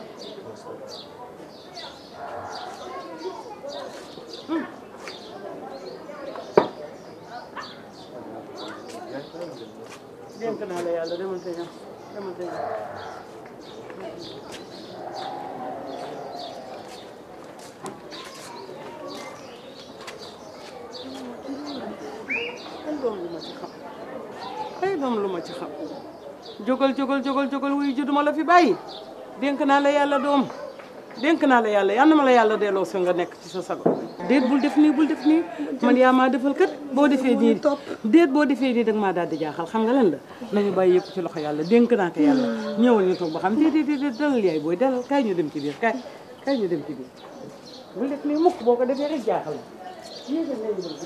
S2: dénk naa la yàlla demal te ñëw
S4: demal te ñëw ay doom lu ma ci xam
S2: ay doom lu ma ci xam jógal jógal jógal jógal wuyu ji duma la fi bàyyi dénk naa la yàlla doom dénk naa la yàlla yal na ma la yàlla delloo si nga nekk ci sa sago déet bul def nii bul def nii man yaa maa defal kat boo defee nii déet boo defee nii dag maa daal di jaaxal xam nga lan la nañu bàyyi yëpp ci loxo yàlla dénk naa ko yàlla ñëwal ñu toog ba xam déet déet dalal yaay booy dalal kaay ñu ci biir kaay ñu dem ci biir bul def nii boo ko defee rek jaaxal yéen a ngi dem ci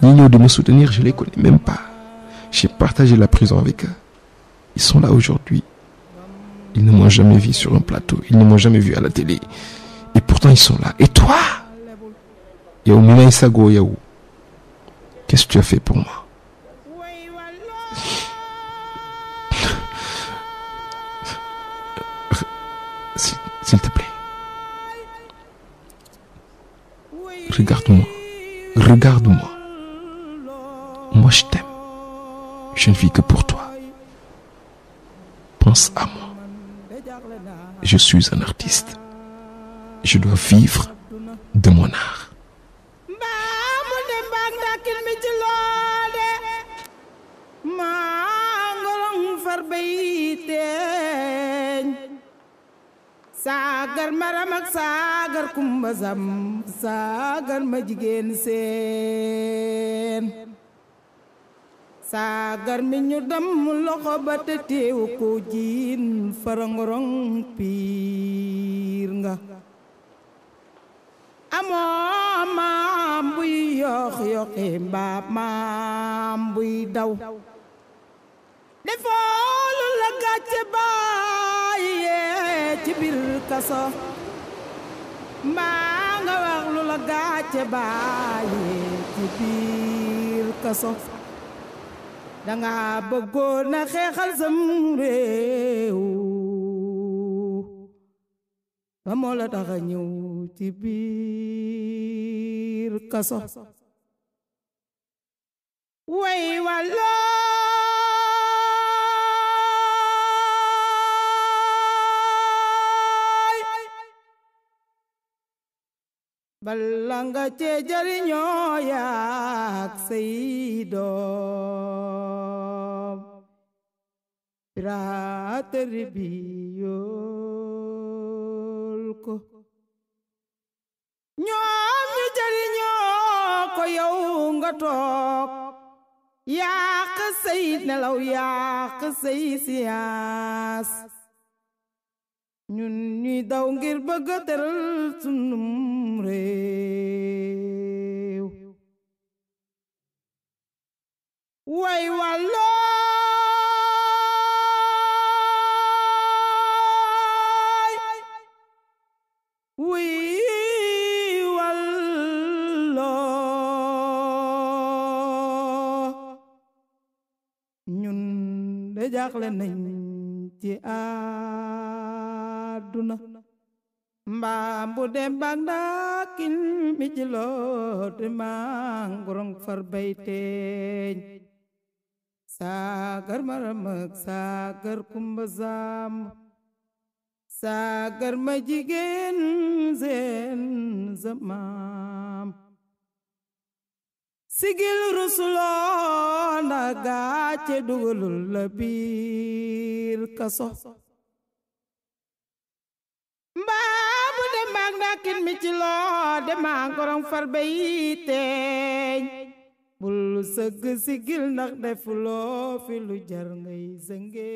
S3: fi de me soutenir, je les connais même pas. J'ai partagé la prison avec eux. Ils sont là aujourd'hui. Ils ne m'ont jamais vu sur un plateau. Ils ne m'ont jamais vu à la télé. Et pourtant, ils sont là. Et toi Qu'est-ce que tu as fait pour moi
S4: s'il te plaît. Regarde-moi. Regarde-moi.
S3: Moi, je t'aime. Je ne vis que pour toi. Pense à moi. Je suis un artiste. Je dois vivre
S6: de mon art. way teeñ saagar maram ak saagar kumba sam saagar ma jigéen seen saagar mi ñu damm loxo ba te teewu ko jiin farangorong piir nga amoo maam buy yox yoxi mbaa maam buy daw defoolu la gàcce bàyyee ci biir kaso mbaa nga wax lu la gàcce bàyyee ci biir kaso danga bëggoon a xeexal sam réew ba moo la tax ci biir kaso way bala nga cee jariñoo yaak say doom Biraa tarbiyul ko ñoom ñu jariñoo ko yow nga toog yaak say nelaw yaak say siyaas ñun ñuy daw ngir bëgg a teral sunum réew way wàllo ñun de jaaxle nañ ci a àdduna mbaam bu dem bak ndaakin mi ci loot mangurong far bay teeñ saagar maramëg saagar kumba zaam saagar ma jigéen seen zamaam sigil mbaabu dem baag ndakkin mi ci loo demaa gorong farba yi teeñ bul sëgg si gil ndax defuloo fi lu jar ngay sënge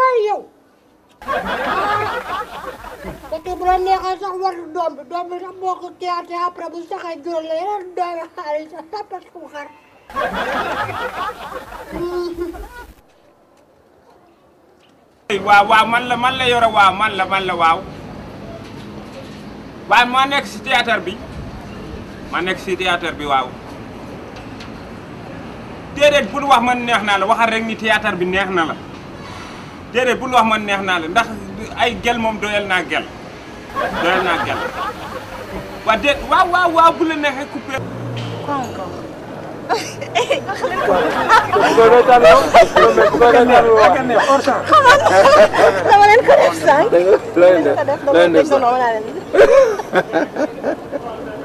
S10: Wayo. Porque brande ka sa war dom, dom sa mo ko ti ate ha prabu sa kay ya, hari sa tapas kuhar.
S9: wah, waaw man la man wah, yore waaw wow. Wah, man la waaw. bi ma nekk si bi wow. déedéet bul wax man neex naa la waxal rek ni théâtre bi neex na déedéet bul wax man neex naa la ndax ay gel moom doyal na gel doyal na gel waa déet waaw waaw waaw bu la neexee coupé. konko.
S8: dama leen ko def sànq. dama leen ko def